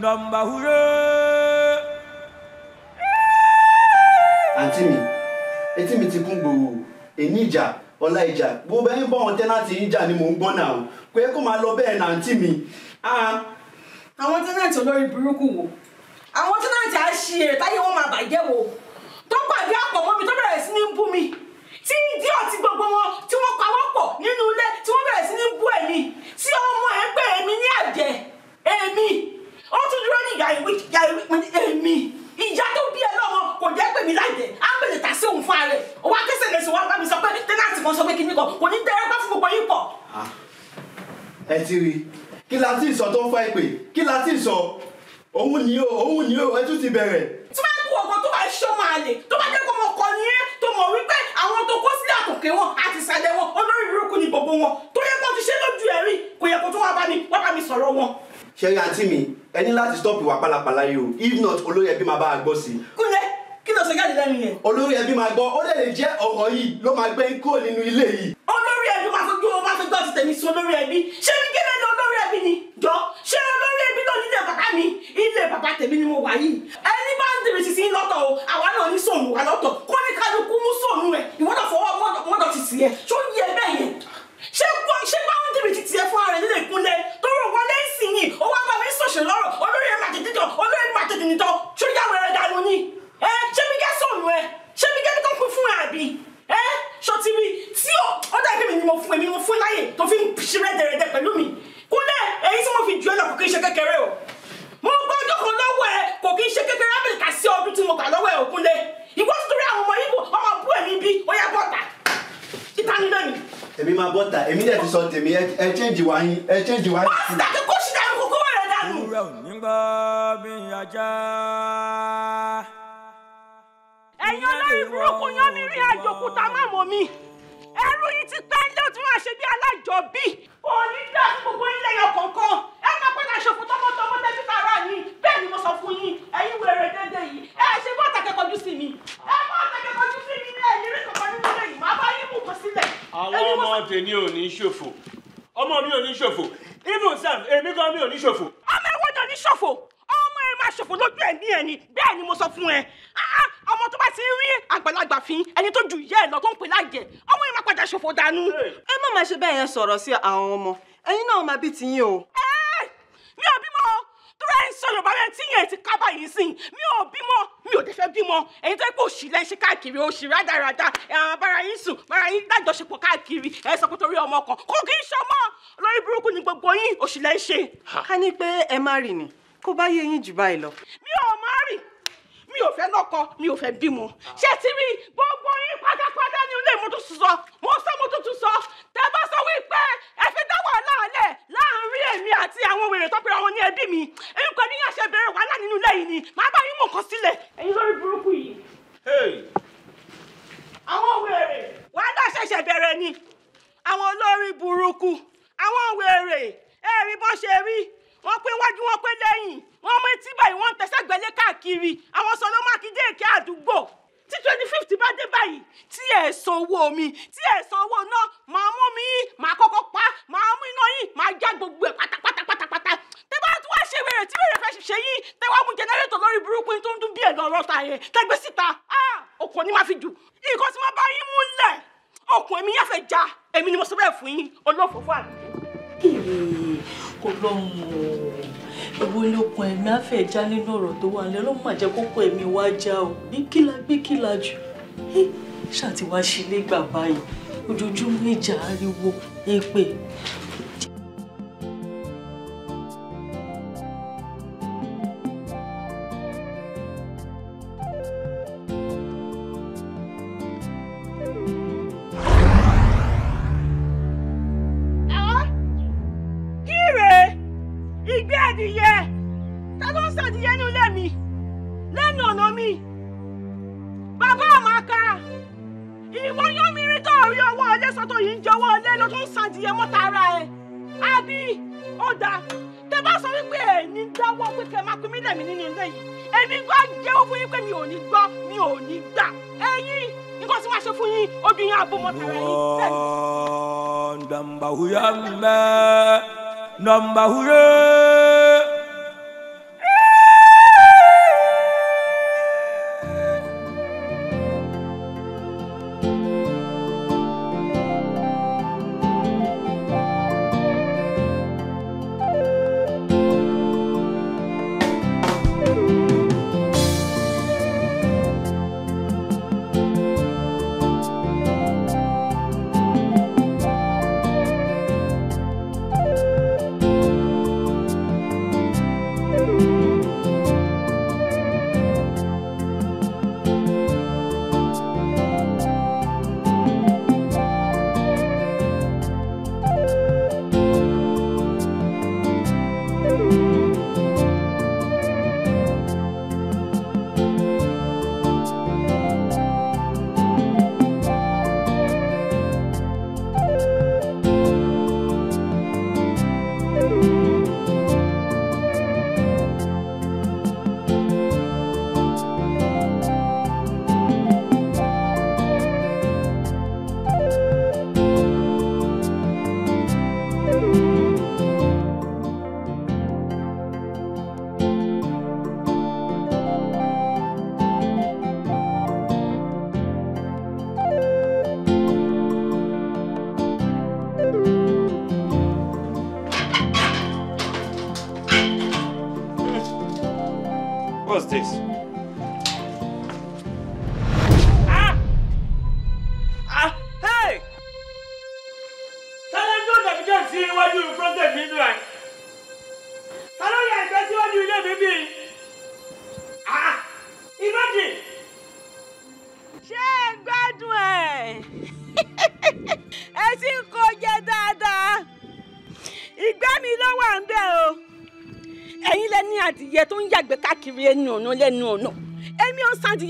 Nambahuye. Àǹtí mi, etí mi ti kún gbòòrò, èyí ìjà, ìjà, gbogbo ẹni bọ́ ọ̀tẹ́ láti ìjà ni mò ń gbọ́ náà. Pé kó máa lọ bẹ́ẹ̀ náà àǹtí mi. Àwọn tẹ́nàtì olórí burúkú wo? Àwọn tẹ́nàtì àṣìírè táyé wọn máa bàjẹ́ wo? Tó pàdé àpọ̀ mọ́ mi tó bẹ̀rẹ̀ sí ní bú mi tí ìdí ọ̀tí gbogbo wọn tí wọ́n pawọ́pọ̀ nínú ilé tí wọ́n bẹ̀rẹ̀ sí ní bú èmi tí ọmọ ẹ̀ ń pè èmi ní àjẹ́ èmi ó tún dúró ní ìyá ìwé ìyá ìwé pé èmi ìyá tó bí ẹ lọ́mọ kò jẹ́ pè mí láìjẹ́ á bèrè tà sí òun fún ààrẹ òun akẹ́sẹ̀ lè sùn wá bá mi sọ pé tẹ́nàtì kan sọ pé kíní kan kò ní tẹ́rẹ́ bá fún gbogbo yín pọ̀. ẹ ti rí kí la ti sọ tó ń fa ìpè kí la ti sọ òun ni o òun ni o ẹ tún ti bẹ̀rẹ̀. tí wọ́n á kú ọkọ tó bá ṣọ́ máa lè tó bá jẹ́ kó mọ̀ kọ́ ni ẹ́ tó mọ̀ wípé àwọn tó kó sílẹ̀ àtòkè wọn àti ìsàlẹ̀ wọn olórí burúkú ni gbogbo wọn tó yẹ kó ti ṣe lójú ẹ̀rí kò yẹ kó tó wá bá mi wá bá mi sọ̀rọ̀ wọn. ṣẹ́rí àǹtí mi ẹ ní láti stop ìwà pálapàla yìí o if not olóyè bí máa bá a gbọ́ sí i. kúnlẹ̀ kí ló ṣe jáde lẹ́nu yẹn. olórí ẹbí máa gbọ́ ó lè lè jẹ́ ọ̀rọ̀ yìí ló máa gbé ń kúrò nínú ilé yìí. olórí ẹbí máa fojú o máa fi gbọ́ ti tèmi sí olórí ẹbí ṣé ní kílẹ̀ ni olórí ẹbí ni jọ ṣé olórí ẹbí náà nílé bàbá mi ilé bàbá tèmi ni mo wà yìí. ẹni bá ń dèrè sísìn lọ́tọ̀ o àwa náà ní sòmù wà lọ́tọ̀ kó ní kálukú mú sòmù ẹ̀ ìwọ́dọ̀ ti ṣé gbọ́ ṣé báwọ́ndìrì ti tiẹ̀ fún ara nílé ìkúnlẹ̀ tó rò wọlé ìsìn yìí ó wá bá mi sọ̀ṣẹ̀ lọ́rọ̀ olórí ẹ̀ máa tètè tán olórí ẹ̀ máa tètè nìtàn ṣó dà èmi dẹ̀ ti sọ tèmi ẹ change wá yín ẹ change wá yín. wọ́n ti dàgbé kó ṣì dàrú kó kó wà rẹ̀ dànù. ewúrẹ́ ò ní gbọ́ bí ajá. ẹ̀yin olórí burúkú yan mi rí àjòkúta mọ́mọ́ mi ẹrú yìí ti pẹ́ ní òtún máa ṣe bí alájọbí. kò ní dá sí gbogbo ilẹ̀ yọ kọ̀ọ̀kan ẹ máa padà ṣòfò tọmọtọmọ tẹ́bí tààrà ni bẹ́ẹ̀ ni mo sọ fún yín ẹ̀yin wèrè dédé yìí ẹ ṣe bọ́ọ̀tà kẹ́kọ̀ọ́jú sí mi. àwọn ọmọ tèmi ò ní ṣòfò ọmọ mi ò ní ṣòfò even sam èmi gan mi ò ní ṣòfò. ọmọ ẹwọ náà ní ṣòfò ọmọ ẹ máa ṣòfò lójú ẹ̀mí ẹ ni bẹ́ẹ̀ ni mo sọ fún ẹ ah, ah, ọmọ tó bá ti rí àgbàlagbà fín ẹni tó ju ìyá ẹ lọ tó ń pè láàjẹ ọmọ ẹ máa padà ṣòfò dànù. ẹ má máa ṣe bẹ́ẹ̀ yẹn sọ̀rọ̀ sí àwọn ọmọ ẹ̀yin náà máa bí tiyín o. ẹ bẹ́ẹ̀ ń sọ yorùbá bẹ́ẹ̀ tí yẹn ti ká báyìí sí mi ò bímọ mi ò dé bímọ èyí tó pé òṣì lẹ́ṣin káàkiri òṣì rádaràda bára yín sùn bára yín dájọṣepọ̀ káàkiri ẹ sọ pé torí ọmọ kan kò kí ń ṣọmọ lórí burúkú ni gbogbo yín òṣì lẹ́ṣin. ká ní pé ẹ má rìn ni kó bá yé yín jù báyìí lọ. mi ò mi ò fẹ́ lọ́kọ mi ò fẹ́ bímọ ṣé ti rí gbogbo yín pátápátá ní ilé mo tún sọ mo sọ mo tún sọ tẹ bá sọ wípé ẹ fi dá wàhálà lẹ láàrin èmi àti àwọn wèrè tó pera wọn ní ẹbí mi nǹkan ní àṣẹ bẹ̀rẹ̀ wàhálà nínú ilé yìí ni màá bá yín mọ̀ kan sílẹ̀. ẹ̀yin lórí burúkú yìí. àwọn wèrè wàhálà ṣẹ̀ṣẹ̀ bẹ̀rẹ̀ ni àwọn olórí burúkú àwọn wèrè ẹ̀rí bó ṣe rí wọ́n pé wájú wọ́n pé lẹ́yìn wọn ọmọ etí báyìí wọn ń tẹsẹ̀ gbẹ́lé káàkiri àwọn sọ ló má kí dé èké àdúgbò tí twenty fifth bá dé báyìí tí ẹ san owó mi tí ẹ san owó náà màá mú mi yín màá kọ́kọ́ pa màá mú iná yín màá já gbogbo ẹ̀ pátápátá pátápátá tẹ bá tún wá ṣe wẹrẹ tí wẹrẹ fẹ́ ṣe yín tẹ wá mú jẹnẹrétọ̀ lórí burúkú tó ń dún bí ẹ lọrọ ta yẹn tẹgbẹ síta ọkàn ni màá fi jù nǹkan tí wọn bá yín mú lẹ ọkàn èmi yàfẹ já èmi ni mo sọ bẹ́ẹ̀ fún yín olófòfò àgbẹ kò lọ́hùn o ewu olókun ẹ̀mí afẹ́ já nínú ọ̀rọ̀ tó wà lẹ́nu má jẹ́ kókó ẹ̀mí wá já o ní kíla gbé kíla jù ṣáà ti wá sílé ojoojúmọ́ ìjà ariwo èpè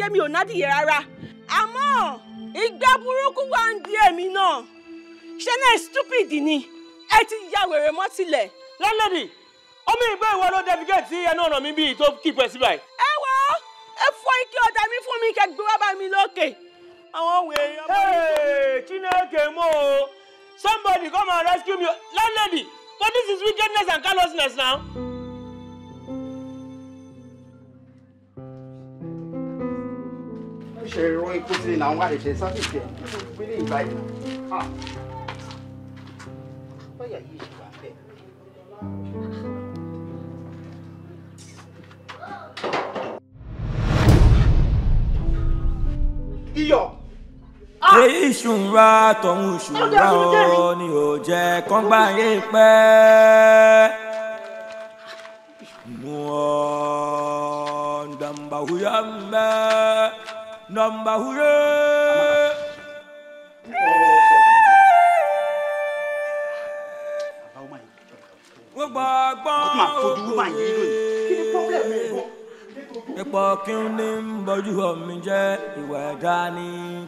yé mi ò nádìyẹ rárá àmọ́ ìgbà burúkú wà ń di èmi náà ṣé náà stupid ni ẹ ti ya wèrè mọ́ tilẹ̀. lọ́lọ́dì omi ìbẹ́ ìwọ ló dẹ́fíkẹ́tì ẹnu ọ̀nà mi bíi tó kìpẹ́ síbẹ̀. ẹ wọ ẹ fọ ike ọ̀dà mi fún mi kẹgbẹ́ wá bá mi lókè àwọn wèrè ọmọ mi. Chineke mo somebody come and rescue me lọ́lọ́dì but this is wickedness and callousness now. ṣe rọ epo sílẹ̀ náà wà lè ṣe sáfìsì ẹ̀ gbélé ìgbà yìí. báyà yìí ìṣúra tọ̀hún ìṣúra ni ò jẹ́ kán gbà yé pẹ́. Mwaa ndamba huyamba nọmba huroo. wọ́n gbọ́ gbọ́n òkú. ipò kí n ní ń bójú omi jẹ́ ìwà ẹ̀dá ni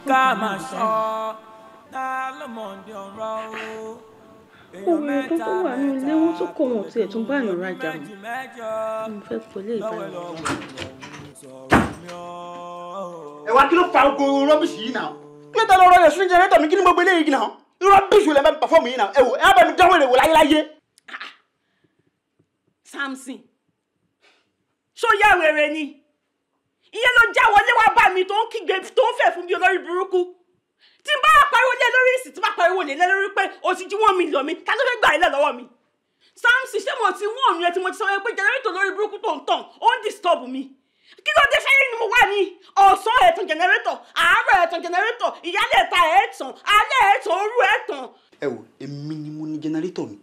ká máa sọ tá ló mọ̀ ní ọ̀rọ̀ o. ohun ẹ̀kọ́ tó wà ní ilé wọn tó kọ wọn ò tiẹ̀ tún báyọ̀ rajà mọ́ mo fẹ́ pẹ̀lú ìbáyọ̀ wá kí ló fa ogo rọ́bìṣì yìí náà kí ló tẹ lọ́rọ́ yẹn sún jẹrẹ́tọ̀ mi kí ni gbogbo eléyìí yìí náà rọ́bìṣì lẹ́ bẹ́ẹ̀ pàfọ́ọ̀mù yìí náà ẹ wò ẹ bẹ́ẹ̀ mi dánwò èrè wò láyéláyé. Samson ṣó yá wèrè ni ìyẹn ló já wọlé wá bá mi tó ń kígbe tó ń fẹ̀ fún bí olórí burúkú tí n bá pariwo lé lórí ìsìn tí n bá pariwo lé lórí pé o ti jí wọn mi lọ mi ká ló fẹ́ gbà ẹ́ lẹ̀ lọ́wọ́ mi Samson ṣé mo ti wọ́n mi ẹ ti mo ti sọ pé jẹnẹrétọ̀ lórí burúkú tó ń tàn ó ń disturb mi kí ló dé sáyé ni mo wà ní ọ̀sán ẹ̀tàn jẹnẹrétọ̀ àárọ̀ ẹ̀tàn jẹnẹrétọ̀ ìyálẹ̀ ta ẹ̀tàn alẹ́ ẹ̀tàn òru ẹ̀tàn. ẹ wo èmi ni mo ní jẹnẹrétọ̀ mi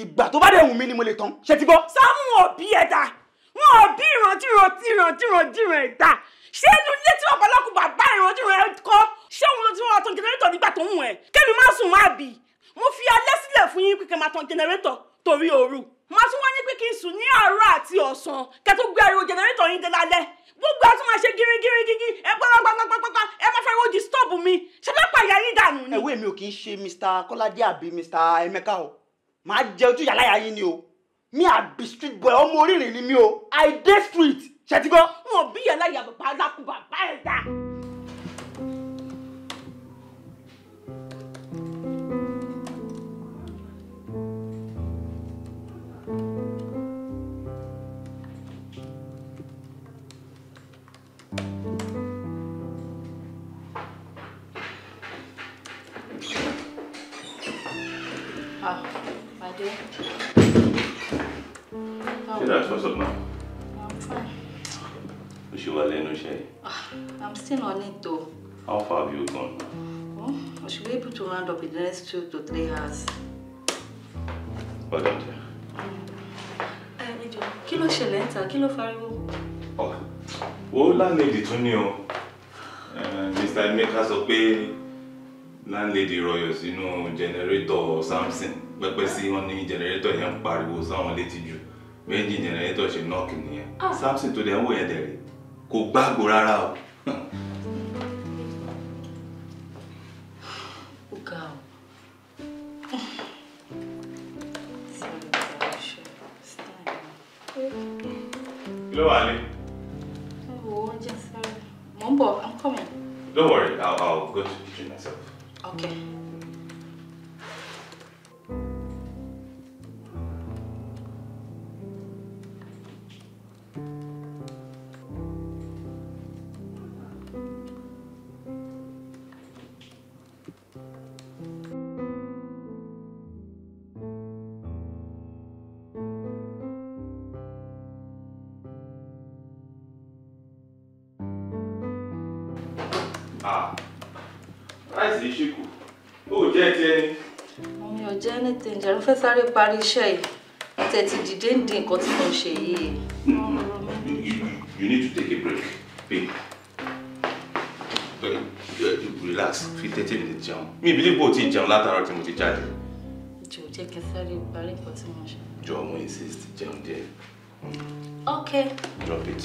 ìgbà tó bá dẹ̀ wù mí ni mo lè tán ṣe ti gbọ́. sáwọn òbí ẹ̀dá wọn òbí ìrandíran tírantíran díran ẹ̀dá ṣé inú ilé tí wọn pẹ̀lú bàbá ìrandíran ẹ̀ kọ́ ṣé òun tí wọn tan jẹnẹrétọ̀ nígbà tó ń wù ẹ̀ kẹ́mi má sùn má bì mo fi alẹ́ sílẹ̀ fún yín pé kẹ́ máa tan màá tún wá ní pé kí n sùn ní àárọ̀ àti ọ̀sán kẹ́ tó gbé ariwo jẹnẹrétọ̀ yín dé lálẹ́ gbogbo àti máa ṣe gírígírí gígí ẹ pápápápápá ẹ má fẹ́ràn ojì stọ́ọ̀bù mi ṣe fẹ́ pàyà yín dànù ni. ẹ̀wọ́ èmi ò kì í ṣe Mr. Kọ́ládé àbí Mr. Emeka o màá jẹ ojú yàrá yàrá yín ni o mi àbí street boy ọmọ orírìn ni mi o I dey street ṣètìgbọ́. wọn bí yàrá yàrá bàbá alákùbà bá ẹ̀ dá. wound up in the next two to three hours. Ọ̀dọ̀ ọ̀dọ̀. Ẹ ẹjọ́, kí ló ṣẹlẹ̀ ń ta? Kí ló fariwo? pay landlady láńlẹ́dì you know, generator or something. But pé láńlẹ́dì only generator, jẹnẹrétọ̀ Samson. Pẹ́pẹ́ sí wọn ní jẹnẹrétọ̀ yẹn generator should sáwọn in here. Méjì jẹnẹrétọ̀ ṣe nọ́ọ̀kì nìyẹn. Samson ah. tó dẹ̀ ń wò yẹn dẹ̀ rí. Kò gbàgbó Hello, Ali. Oh, just sorry. mo bọ̀, I'm coming. Don't worry, I'll, I'll go to the kitchen myself. Okay. parí iṣẹ́ yìí tẹ̀ ti dìde ń dín nǹkan tí mo ń ṣe yìí. you need to take a break babe babe relax fi thirty minutes jẹun mi ìbílẹ̀ bò tí ì jẹun látàárọ̀ tí mo ti jáde. jò jẹ́ kí n sáré parí nǹkan tí mo ń ṣe. jọ mo insist jẹun díẹ̀. ok. drop it.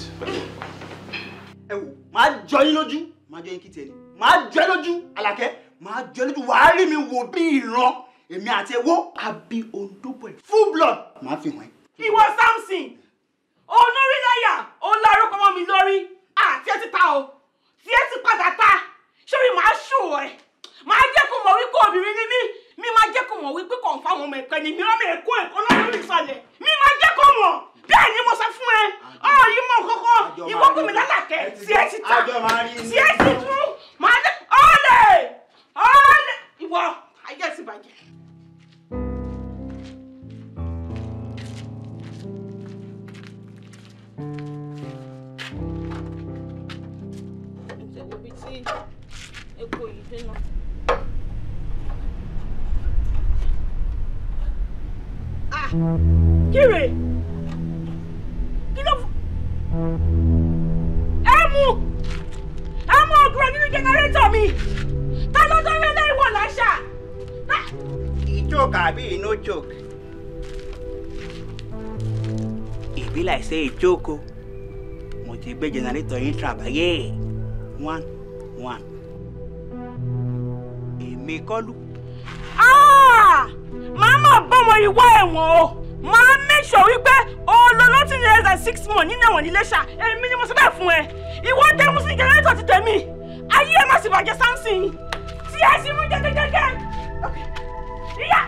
ẹ wò máa jọ yín lójú máa jọ yín kí tiẹ̀ ni máa jọ yín lójú Àlàkẹ́ máa jọ yín lójú wàá rí mi wò bí ìran èmi àti ewó àbí ondóbọ̀ẹ̀ full blood máa fi hàn ẹ́. ìwọ Samson olórí láyà olórúkọ mọ mi lórí àti ẹ ti ta o tí ẹ ti padà ta sórí màá ṣù ẹ màá jẹ́ kó mọ̀ wípé obìnrin ni mí mi máa jẹ́ kó mọ̀ wípé kàn fáwọn ọmọ ẹ̀kọ́ ni mi rán mi ẹ̀kọ́ ẹ̀kọ́ lórí ìsọ̀lẹ̀ mi máa jẹ́ kó mọ̀ bẹ́ẹ̀ ni mo sọ fún ẹ ọ̀rọ̀ yìí mọ̀ kọ́kọ́ ìwọ kò mí lálàkẹ́ tí ẹ ti ta tí ẹ ti tú màá jẹ́ ọ̀lẹ̀ ọ̀lẹ̀ ìwọ ayé ti bàjẹ́. epo yìí dínà. Ah! kíre kí ló ẹ mú ẹ mú ọkùnrin nínú jẹnẹrétọ̀ mi ta ló tó wẹlé ìwọ láṣà. e àbí e no joke e be like say e joke o mo ti gbé jẹnẹrétọ̀ yín trabaye one one gbé kọ́lù. Ah! màá máa bọ́ wọn ìwọ ẹ̀wọ̀n o màá make sure wípé olóló ti ní ẹsẹ̀ six months nínú ẹ̀wọ̀n nílé ṣá èmi ni mo ti bẹ́ẹ̀ fún ẹ ìwọ dẹ́mu sí jẹnẹrétọ̀ ti tẹ̀mí ayé ẹ̀ má sì bàjẹ́ sáǹsìn tí ẹ sì mú jẹgẹjẹgẹ. ìyá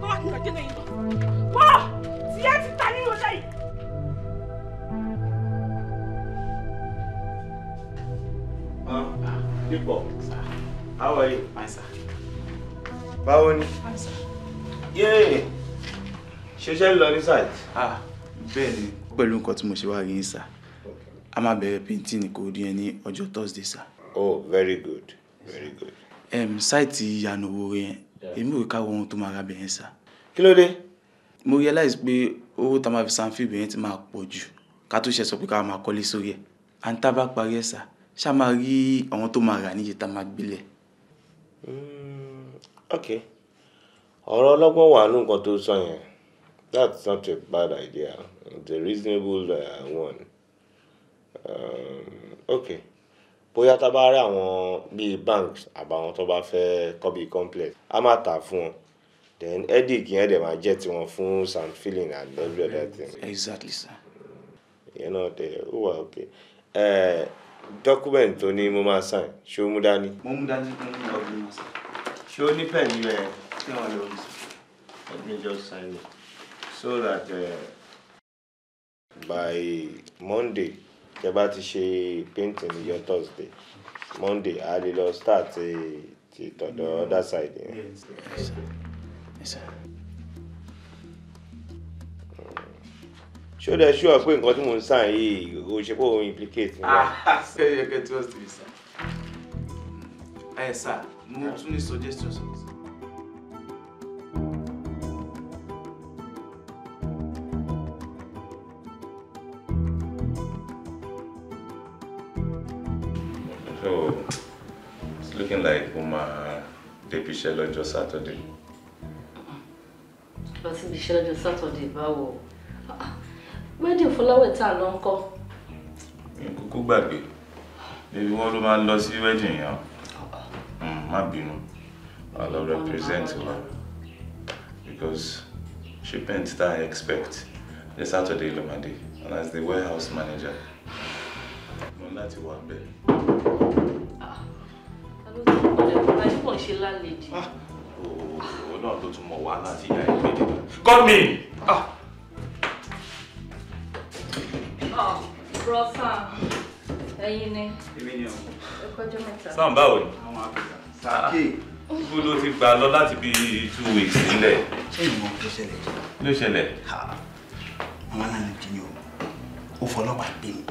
kó má tún lọ jẹ́ lẹ́yìn lọ wọ́ọ̀ tí ẹ ti ta nínú lẹ́yìn. Mom, um, How are you? Fine, sir. Báwo ni? Fine, sir. Yay! Ṣeṣẹ́ lọ ní site. Ah, bẹ́ẹ̀ ni. Pẹ̀lú nǹkan tí mo ṣe wá rí ní sà. A máa bẹ̀rẹ̀ painting kò dín ẹ ní ọjọ́ Thursday sà. Oh, very good. Very good. Um, site ìyànà owó yẹn, èmi ò káwọ ohun tó máa ra bẹ̀rẹ̀ sà. Kí ló dé? Mo realize pé owó tá a máa fi sanfí bẹ̀rẹ̀ ti máa pọ̀ jù ká tó ṣe sọ pé ká máa kọ́lé sórí ẹ̀. À ń tábà parí ẹ̀ sà ṣá máa rí àwọn tó máa rà níye tá máa gbélẹ̀. Hmm, ok ọ̀rọ̀ ọlọ́gbọ́n wà ní nǹkan tó sọ yẹn that's not a bad idea The reasonable uh, one um, ok bóyá tá a bá rí àwọn bíi banks àbáwọn tó bá fẹ́ kọ́ bíi complex a máa tà fún wọn then headache yẹn dẹ̀ máa jẹ́ tiwọn fún sound feeling and every other thing. exactly sir. ìyẹn náà dẹ̀ ó wà ok. Uh, document tó ní mo máa sign ṣé o mú dání. mo mú dání mo mú ọdún máa sign. ṣé o ní pẹ̀lú ẹ kí wọ́n lọ sí let me just sign so that uh, by Monday tẹ́ bá ti ṣe painting ní your Thursday Monday a lè lọ start eh, ti tọ̀dọ̀ other side. Yes, sir. Yes, sir. ṣó dẹ ṣú ọ pé nǹkan tí mò ń sàn yìí o ṣe pé òun implicate mi. Ah, ṣé yẹ kẹ́ tí wọ́n ti sà ẹ̀ sà mo tún ní suggestions. So it's looking like mo máa débi iṣẹ́ lọ́jọ́ Saturday. Lọ síbi iṣẹ́ lọ́jọ́ Saturday báwo? wedding fọlọ́wẹ̀ tá a lọ ń kọ́. kúkú gbàgbé bébí wọn ló máa ń lọ sí wedding yẹn má bínú wà lọ represent wa because shipment tá a expect the Saturday ló máa and as the warehouse manager mo ní láti wà bẹ́ẹ̀. Ọlọ́run tó tún mọ̀ wá láti ìyá ẹgbẹ́ dìbò. God me! Ah. Brosan, ẹyin ni. Èmi ni o. Ẹkọjọ mẹ́ta. Sam báwo ni? Àwọn àgbẹ̀dà. Sàkè. Ibo ló ti gbà lọ láti bí two weeks nílẹ̀? Ṣé ìmọ̀ ló ṣẹlẹ̀? Ló ṣẹlẹ̀? Àwọn aláàlú ti ní o. Ó fọlọ́pàá gbé mi.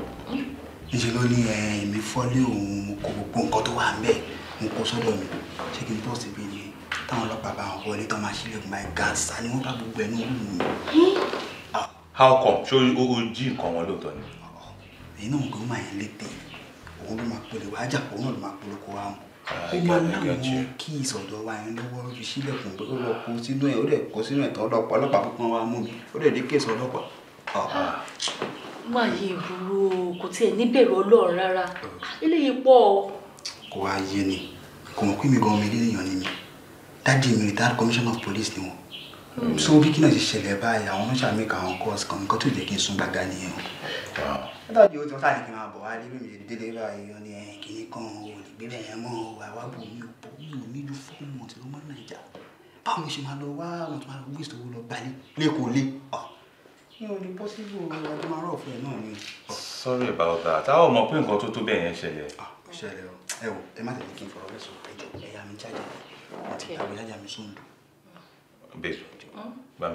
Níṣẹ́ ló ní ẹ̀mí fọ́lé òun mo kó gbogbo nǹkan tó wà ń bẹ̀ mo kó sọ́dọ̀ mi. Ṣé kí n bọ́ síbi ni táwọn ọlọ́pàá bá wọn wọlé tán máa ṣílẹ̀kùn báyìí gàdúsá ni wọ́n bá gbogbo ẹnu wù mí how come ṣé o jí nǹkan wọn lóòótọ́ ni. èyí náà gbọ́dọ̀ máa yẹn létè òun ló máa pèlè wá jà òun náà ló máa polówó wa mọ̀ ah, ó máa láwọn kí ìsọ̀dọ̀ wa yẹn lọ́wọ́ ló fi sílẹ̀kùn pé ó lọ kó sínú ẹ̀ ó dẹ̀ kó sínú ẹ̀ tán ọlọ́pàá ọlọ́pàá púpọ̀ wa mú mi ó dẹ̀ dé kéèsì ọlọ́pàá. Ah. má yé ìbúrú kò tiẹ̀ níbẹ̀rù ọlọ́run rárá eléyìí pọ̀. kò wá yé ni kò mọ̀ pé mi gan-an mi lé èèyàn ni mi dáàdi mi retired commissioner of police ni wọ́n so bí kí náà ṣe ṣẹlẹ̀ báyìí àwọn oníṣà mi kà àwọn course kan nǹkan tó jẹ́ kí n sún gbàgbà nìyẹn o. látàjì o tí wọ́n sáré kí n máa bọ̀ wá lébè mi délé báyìí wọn ni kìnní kan o lè gbé bẹ̀yẹn mọ́ o àwa bò mí o bò mí o nílùú fún mi ló mọ́ nàìjà báwo mo ṣe máa lọ wá wọn tó máa gbé ìṣòwò lọ balẹ̀ lẹ́kọ̀ọ́ lé. mi ò lè bọ́ ah, síbò tó ah,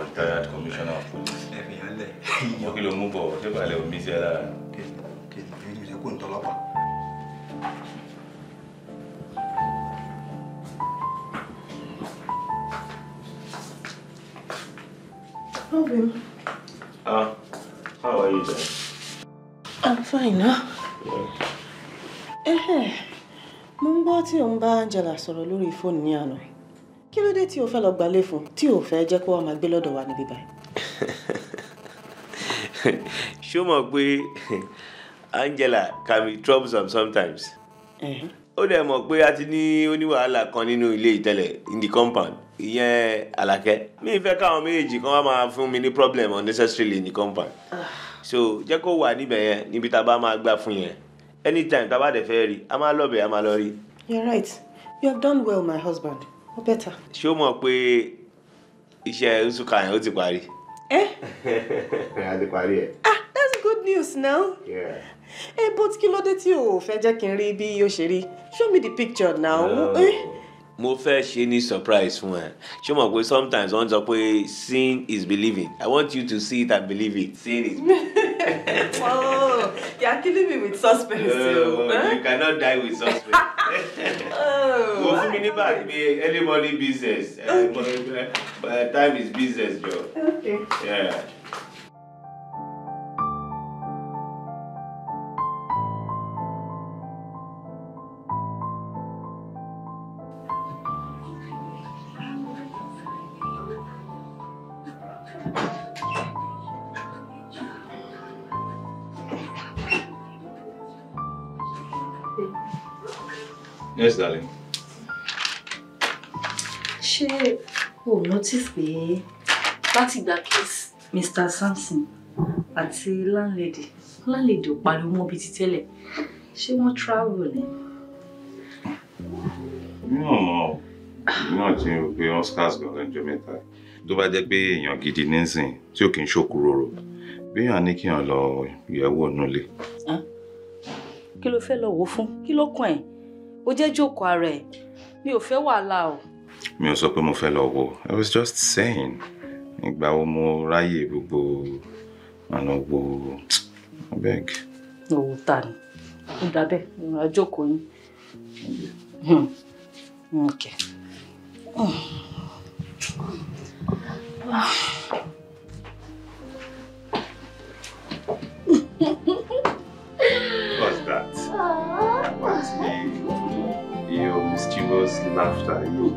retired commissioner of police. Ah, how are you doing? I'm ah, fine now. Ẹ̀hẹ̀, mo ń gbọ́ tí ò ń bá Angela sọ̀rọ̀ lórí fóònù ní àná. Kí ló dé tí o fẹ́ lọ gbalé fún tí o fẹ́ jẹ́ kó wá máa gbé lọ́dọ̀ wa níbí báyìí? Ṣé o mọ̀ pé Angela can be troublesome sometimes? Ó dẹ̀ mọ̀ pé a ti ní oníwàhálà kan nínú ilé ìtẹ́lẹ̀ in the compound ìyẹn Àlàkẹ́. Mi fẹ́ káwọn méjèèjì kan wá máa fún mi ní problem unnecessarily in the compound. Ah so jẹ́ kó wà níbẹ̀ yẹn níbi tá a bá máa gbà fún yẹn anytime tá a bá dẹ̀ fẹ́ rí a máa lọ́bẹ̀ a máa lọ rí. you are right you have done well my husband or better. ṣé o mọ̀ pé iṣẹ́ Nsukka yẹn ó ti parí. ẹ eh? a ti parí ẹ. ah that's good news now. Yeah. ẹ eh, bó kí ló dé tí o ò fẹ́ jẹ́ kí n rí bí o ṣe rí show me the picture now. No. Eh? mo fẹ́ ṣe ní surprise fún ẹ ṣé mo pé sometimes wọ́n sọ pé seeing is believing i want you to see it and believe it seeing is. oh you are killing me with suspense. Oh, huh? you cannot die with suspense. Oh, fún mi ní báàgì mi early morning business okay. uh, time is business jọ. Okay. Yeah. Yes, darling. Ṣé o notice pé láti That case Mr. Samson the landlady landlady ò pariwo mọ́ bíi tell tẹ́lẹ̀ ṣé wọ́n travel ni? No, no. Náà ti be pé Oscars gan lọ́jọ́ mẹ́ta. Tó bá jẹ́ pé èèyàn gidi nísìn tí can show í Be béèyàn ní on lọ yẹ̀wò nulẹ̀. Kí ló fẹ́ lọ wò fún? Kí ló kàn coin? ó jẹ́ jókòó ara ẹ̀ mi ò fẹ́ wàhálà o. mi ò sọ pé mo fẹ́ lọ wo i was just saying ìgbà wo mo ráyè gbogbo àná wo abeg. owó ta ni ó dábẹ́ ìrìn àjò kò yín. Hmm. Hmm, okay. Oh. him after you.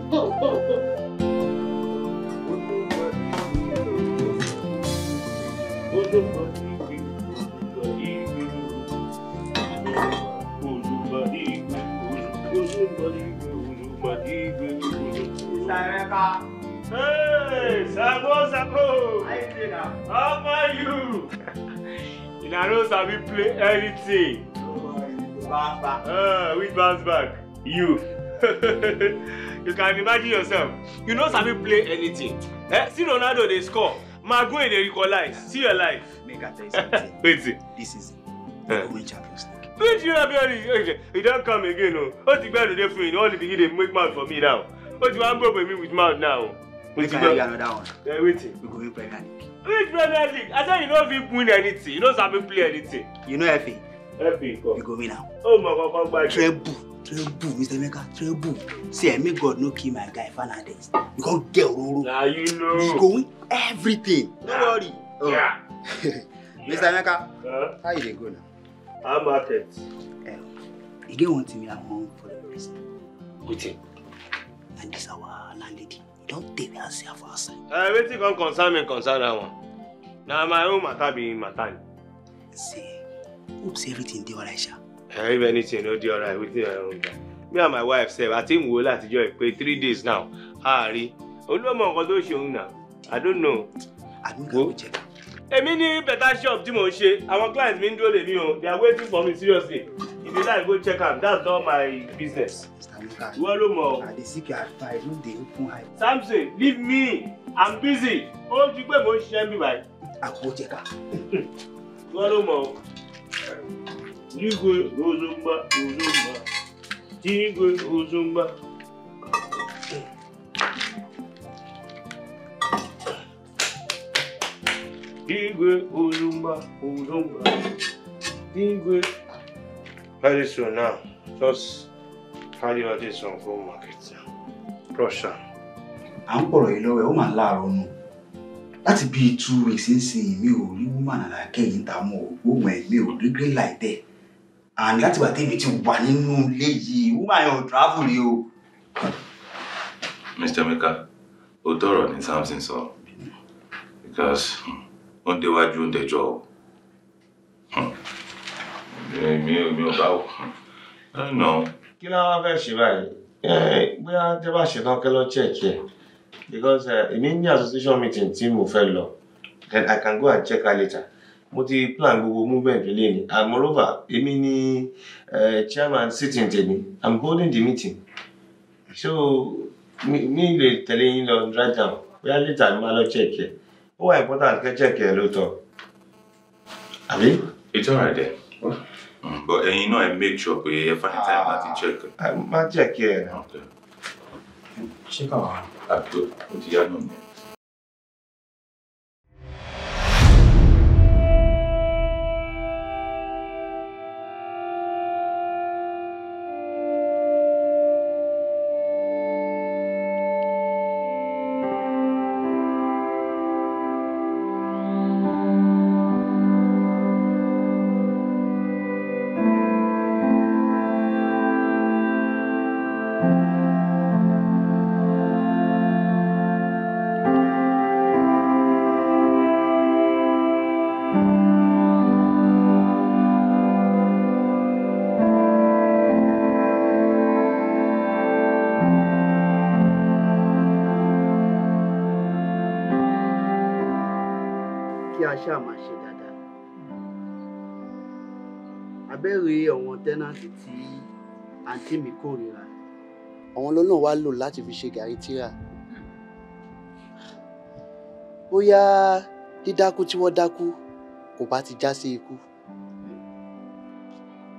Saraka. Hey, Sago you doing now? How are you? play anything. Oh, bounce back. Uh, which bounce back? You. you can imagine yourself you know, sabi play anything eh? see ronaldo they score maguire they equalize see your life. make i tell you something wetin this is eh. the win champions league. which european league you don't come again o oh. o the gbẹdun dey fun you all the begin they make mouth for me now What o ti wan with me with mouth now. Wait, i tell you another one. Eh, wait, we go win premier league. which premier league i said you don't even win anything you no sabi play anything. you know fa. fa you go win am. o mọ̀ kankan gbájú. treble trouble mr emeka trouble see I make god no kill my guy fernandez you come get ororo na you know you go win everything no worry oh. yeah. mr emeka huh? how you dey go now. how market. Um, get one thing wey i wan for the reason. wetin. And this our landlady e don tey wey i see her for outside. Uh, wetin come concern me concern that one na my own matter be im matter. see hope say everything dey alright sha if anything no dey alright wetin i wan gba me and my wife sef àti ń wo látijọ́ ẹ̀ pé three days now àárín olóòmọ nǹkan tó ṣe òun náà i don't know. àdúgbò jẹ. èmi ní better shop tí mò ń ṣe àwọn clients mi ń dúró lèmi o they are waiting for me seriously if you like go check am that's all my business. ìwọ ló mọ̀ ọ́. àdìsíkì àgbà ìlú dé fún àyè. samson leave me i'm busy ó ti pé mò ń ṣiṣẹ́ mi báyìí. àpò jẹ̀ka. ìwọ ló mọ̀ ọ́ igwe ozomba ozomba igwe ozomba igwe ozomba ozomba igwe very soon now just carry all this one go market brush am. à ń pọ̀rọ̀ yìí lọ́wọ́ ẹ̀ ó máa ń two weeks ń sìn mí woman and I came ta mọ́ òògùn ẹ̀ mi ò rí green light ẹ̀ àní láti wà tèmi ti wà nínú ilé yìí wúmà yẹn ò travel rí o. Mr. Emeka ó tọrọ ní Samson sọ because hmm, ó ń déwájú ń dẹjọ́ o hmm. mi ò mi ò bá wò ó hmm. nà. kí ló wá fẹ́ ṣe báyìí bóyá tẹ́ bá ṣe tán kẹ́ lọ chẹ́ẹ̀kì ẹ̀ because eh, èmi ní association meeting tí mo fẹ́ lọ then I can go and check her later mo ti plan gbogbo movement lè ní and moreover èmi ni chairman sitting tèmi i'm holding the meeting so mi lè tẹ̀lé yín lọ right now. bóyá later ni màá lọ check ẹ̀ ó wà important kẹ́ check ẹ̀ lóòótọ́ àbí. it's all right. Oh. Mm, but ẹ̀yin náà ẹ make sure pé ẹ find time ah, láti check. má check ẹ̀. ṣé káwọn àgbo ó ti yá náà nìyẹn. náà wá lò láti fi ṣe gàrí tíra bóyá dídákú tí wọ́n dákú kò bá ti já sí ikú.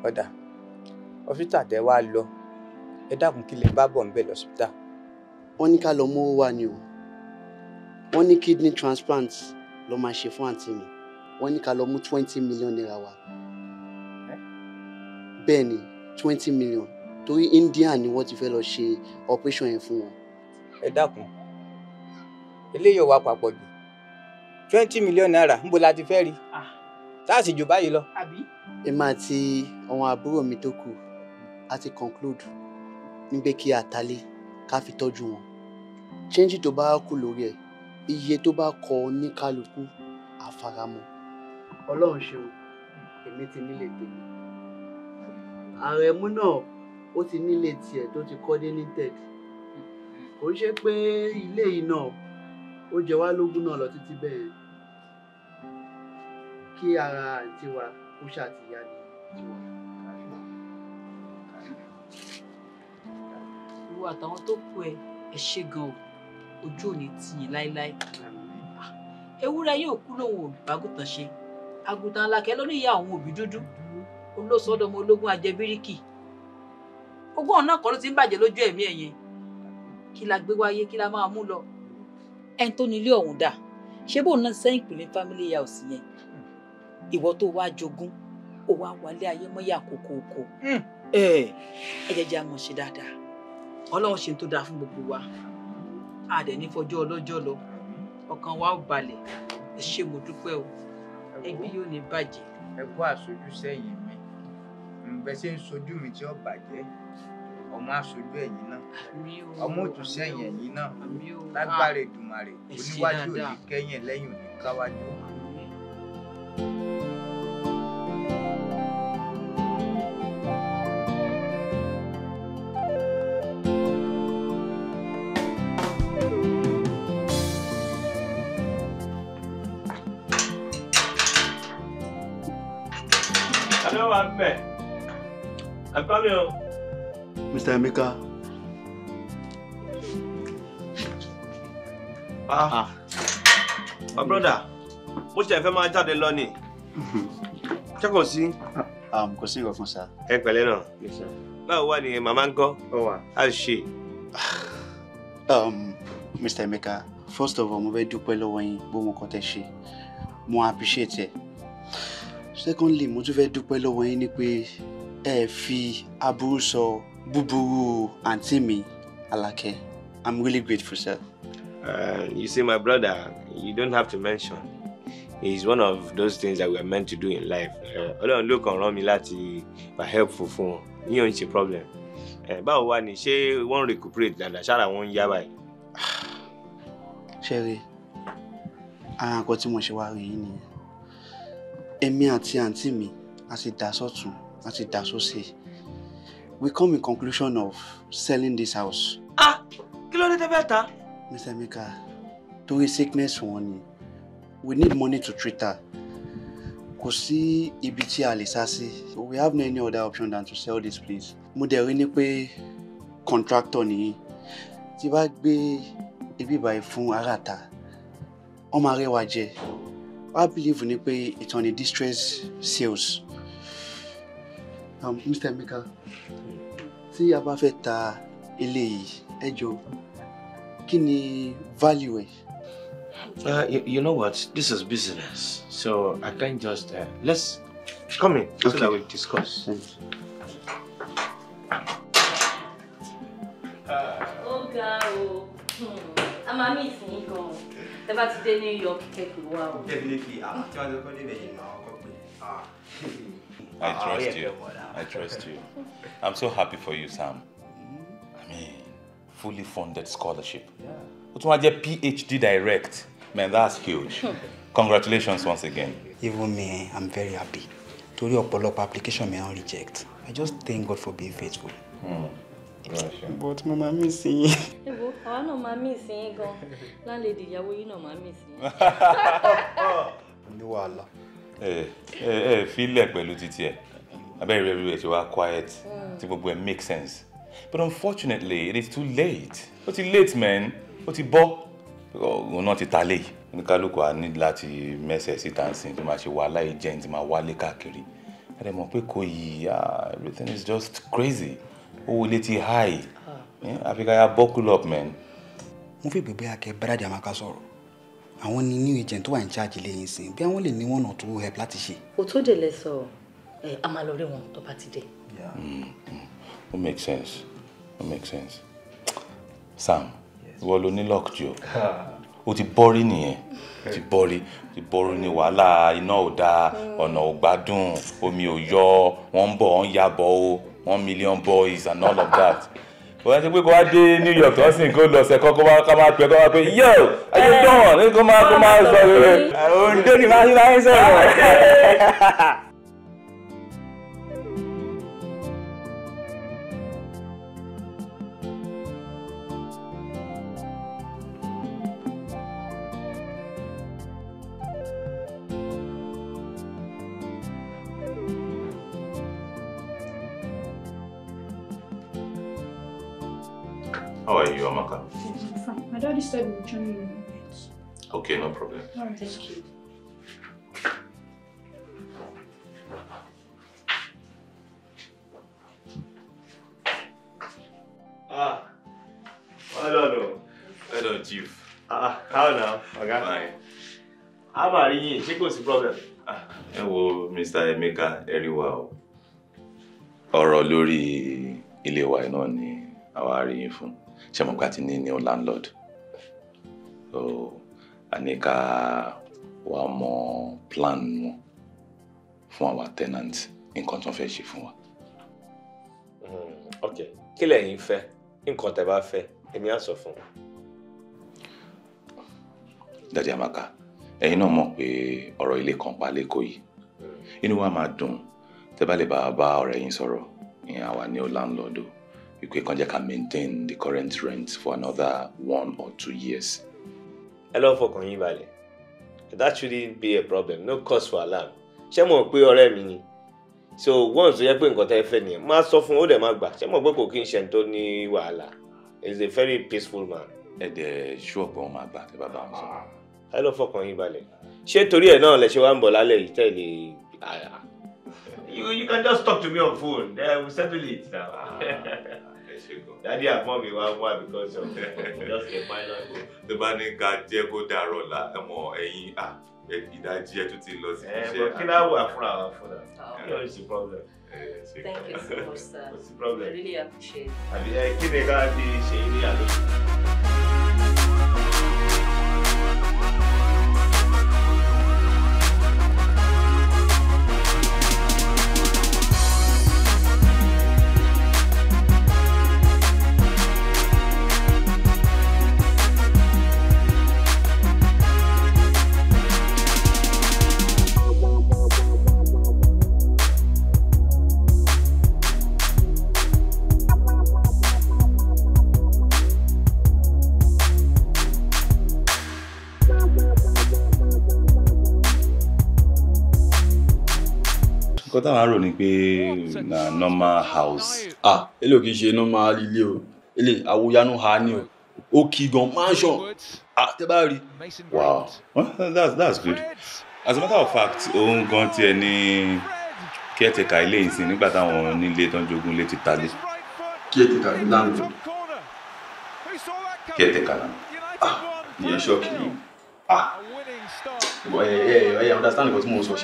ọ̀dà ọ̀ṣítà tẹ wá lọ ẹ dákun kí lè bá bọ̀ ńbẹ̀ lọ́sítà. wọ́n ní ká lọ mú owó wa ni o wọ́n ní kidney transplant ló máa ṣe fún àǹtí mi wọ́n ní ká lọ mú twenty million naira wa bẹ́ẹ̀ ni twenty million torí India ni wọ́n ti fẹ́ lọ ṣe operation yẹn fún wọn. ẹ dákun eléyìí ò wá papọ̀ jù twenty million naira ń bo la ti fẹ́ rí táàsì jù báyìí lọ. èmi àti àwọn àbúrò mi tó kù a ti conclude nígbè kí àtàlẹ́ ká fi tọ́jú wọn ṣéǹjì tó bá kù lórí ẹ̀ iye tó bá kọ ní kálukú àfaramọ́. ọlọ́run ṣeun èmi ti nílé tèmi ààrẹ mú náà ó ti nílé tiẹ̀ tó ti kọ́ dé linted kò ń ṣe pé ilé yìí náà ó jẹ wá lógún náà lọ títí bẹ́ẹ̀ kí ara àǹtí wa kó ṣàtìyá ni tiwọn. ìwọ àtàwọn tó kú ẹ ẹ ṣe gan o ojú ò ní tì yín láéláé ewúrẹ́ yóò kú lòun ò bágùtàn ṣe àgùntàn alákẹ́ ló ní ìyá òun òbí dúdú olóòsọdọmọ ológun ajẹbíríkì gbogbo ọ̀nà kan ló ti ń bàjẹ́ lójú ẹ̀mí ẹ̀yẹn kí la gbé wáyé kí la máa mú lọ. ẹni tó ní ilé ọ̀hún dà ṣé bóun náà sẹ́yìn pèlè family house yẹn ìwọ tó wá jogún ó wá wálé ayé mọ́yà kòkòkò hmm. ẹ jẹjẹ àmọ̀ ṣe dáadáa ọlọ́run ṣe tó dáa fún gbogbo wa a dẹ̀ ní fọjọ́ ọlọ́jọ́ lọ ọkàn wa ò balẹ̀ ẹ ṣé mo dúpẹ́ o ẹbí yóò ní bàjẹ́. ẹ kó àṣojú sẹ́yìn mi bẹ ṣe ń sojú mi tí ó bàjẹ́ ọmọ aṣojú ẹ̀yin náà ọmọ òtún sẹ́yìn ẹ̀yin náà ah. lágbára Èdùmàrè oníwájú ò ní kẹ́yìn lẹ́yìn ò ní káwájú. Hello, I'm back. I'm coming Mr. Emeka. Ah. My ah. ah, brother, mo ṣe fẹ́ máa jáde lọ ni. Ṣé kò sí? Ah, um, kò sí ìwọ̀n fún sa. Ẹ pẹ̀lẹ́ náà. Báwo wà ní màmá ń kọ́? Ó wà. A ṣe. Mr. Um, Emeka, first of all, mo fẹ́ dúpẹ́ lọ́wọ́ yín gbóhùn kan tẹ́ ṣe. Mo appreciate it. Secondly, mo tún fẹ́ dúpẹ́ lọ́wọ́ yín ni pé ẹ fi aburú sọ búburú àǹtí mi Alake I'm really grateful sir. Uh, you see my brother you don't have to mention hes one of those things that we are meant to do in life uh, Ọlọ́run ló kàn rán mi láti wà helpful fún wọn yíyan ṣe problem uh, báwo wá ni ṣé wọ́n recuperate dáadáa ṣára wọn ń yá báyìí. ṣeré ara nǹkan tí mo ṣe wá rí yìí nìyẹn èmi àti àǹtí mi a sì dá sọ́tún wọ́n ti dà sósì. We come in conclusion of selling this house. Ah! Kí ló dé tẹ́ fẹ́ ta? Mr. Emeka, sickness wọn we need money to treat her. Kosi Ibiti alisasi. We have no any other option than to sell this place. Mo dẹ̀ rí ni pé contractor nìyí. Tí bá ibi ìbàyí fún aráàta, wọ́n máa I believe ni pé it's on a distress sales. um, Mr. Emeka see, a bá fẹ́ ta ilé yìí ẹ value Uh, you, you know what? This is business, so I can't just. Uh, let's come in okay. so that we discuss. Thanks. Ọ̀gá uh, o, oh, oh. hmm. a máa mí ìsìn New York Definitely, ah, I ah, trust you. I trust you. I'm so happy for you, Sam. I mean, fully funded scholarship. Yeah. Ó tún PhD direct. Man, that's huge. Congratulations once again. Even me, I'm very happy. To Torí ọ̀pọ̀lọpọ̀ application mi I reject. I just thank God for being faithful. Hmm. But mo máa mí sí yín. Ebo, àwa náà máa mí sí yín gan. Láńlẹ̀dì ìyàwó yín náà ẹ ẹ filẹ̀ pẹ̀lú títí ẹ̀ abẹ́rẹ́ everywhere ti wá quiet mm. tí gbogbo ẹ̀ make sense but unfortunately it is too late ó ti late man ó ti bọ́ òun náà ti ta lé yìí oníkálukú a ní láti mẹ́sẹ̀ síta ń sìn tó máa ṣe wàhálà ìjẹun tí máa wálé káàkiri ẹ dẹ̀ mọ̀ pé kò yí everything is just crazy owó ilé ti high ah. eh, àfikà ya buckle up man. mo fi gbẹgbẹ akẹ bẹ́rẹ̀ àjàmáka sọ̀rọ̀ àwọn ni new agent tó wà ní charge lẹ́yìn sìn bí àwọn lè ní one or two help láti ṣe. o tó délé sọ ẹ a máa lọ rí wọn tó bá ti dé. Mm, mm. ó make sense ó make sense Sam ìwọ ló ní lock jù ó ti bọ́rí nìyẹn ti bọ́rí ti bọ́rí ní wàhálà iná ò dáa mm. ọ̀nà ò gbádùn omi ò yọ wọ́n ń bọ̀ wọ́n ń yàbọ̀ o one million boys and all of that wọ́n ti pé wá dé New York tó sì kó lọ sẹ́kọ́ kó wá ká máa pẹ́ kó wá pé yo ayé dán ní kó máa kó máa sọ rere òǹdó ni máa ń sọ̀rọ̀. said in a bit. Okay, no problem. All right. Thank you. Ah, well done. Well done, Chief. Ah, how now? Okay. Fine. How about you? She kò sí problem? Hello, ah, Mr. Emeka Eriwa o. Ọ̀rọ̀ lórí ilé wa náà ni àwa rí yín fún. Ṣé mo gbà tí ní new landlord? so àní ká wá mọ plan wọn fún àwa tenant nǹkan tó ń fẹ́ ṣe fún wa. Hmm, ok kí lẹ̀yin fẹ́ nǹkan tẹ́ bá fẹ́ èmi á sọ fún un. dadi amaka ẹ̀yin náà mọ̀ pé ọ̀rọ̀ ilé kan pa lẹ́kọ̀ọ́ yìí hmm. inú wa máa dùn tẹ́ bá lè bá bá ọ̀rẹ́ yín sọ̀rọ̀ ìyẹn àwa ní o landlord o wípé kan jẹ́ ká maintain the current rent for another one or two years ẹ lọ fọkàn yín balẹ̀ that shouldn't be a problem no cause for alarm ṣé mo pé ọ̀rẹ́ mi ni so once ó yẹ pé nǹkan tẹ́ fẹ́ nìyẹn máa sọ fún ó dẹ̀ máa gbà ṣé mo pé kò kí n ṣe tó ní wàhálà he is a very peaceful man. ẹ dẹ̀ ṣọ́ọ̀bù ọmọ àgbà tẹ bàbá mi sọ. ẹ lọ fọkàn yín balẹ̀ ṣé torí ẹ̀ náà lẹ ṣe wá ń bọ̀ lálẹ́ yìí tẹ̀lé àyà. you you can just talk to me on phone then we settle it dádì àgbọn mi wá wá because of just a minor goal. tó bá ní ká jẹ́ kó dàrọ̀ la ẹ ẹ̀yin à ìdájí ẹ tún ti lọ sí iṣẹ́. ẹ kí náà wà fúnra wa fúnra oh. kí ṣe problem. thank you so much sir. i really appreciate it. àbí ẹ kí ni ká fi ṣe ìrìn àlọ́. nǹkan táwọn arò ni pé na normal house. ah èlò kì í ṣe normal ilé o èlè àwòyanu ha ni o ó kì í gan mansion ah tẹ bá rí. wow that's that's good as a matter of fact òun gan tiẹ̀ ní caretaker ilé ìsìn nígbà táwọn onílé tó ń jogún lé ti talé. caretaker landlord. caretaker landlord ah ìyẹn ṣọ́ọ̀kì yìí ah ẹ ẹ ẹ understand nǹkan tí mo sọ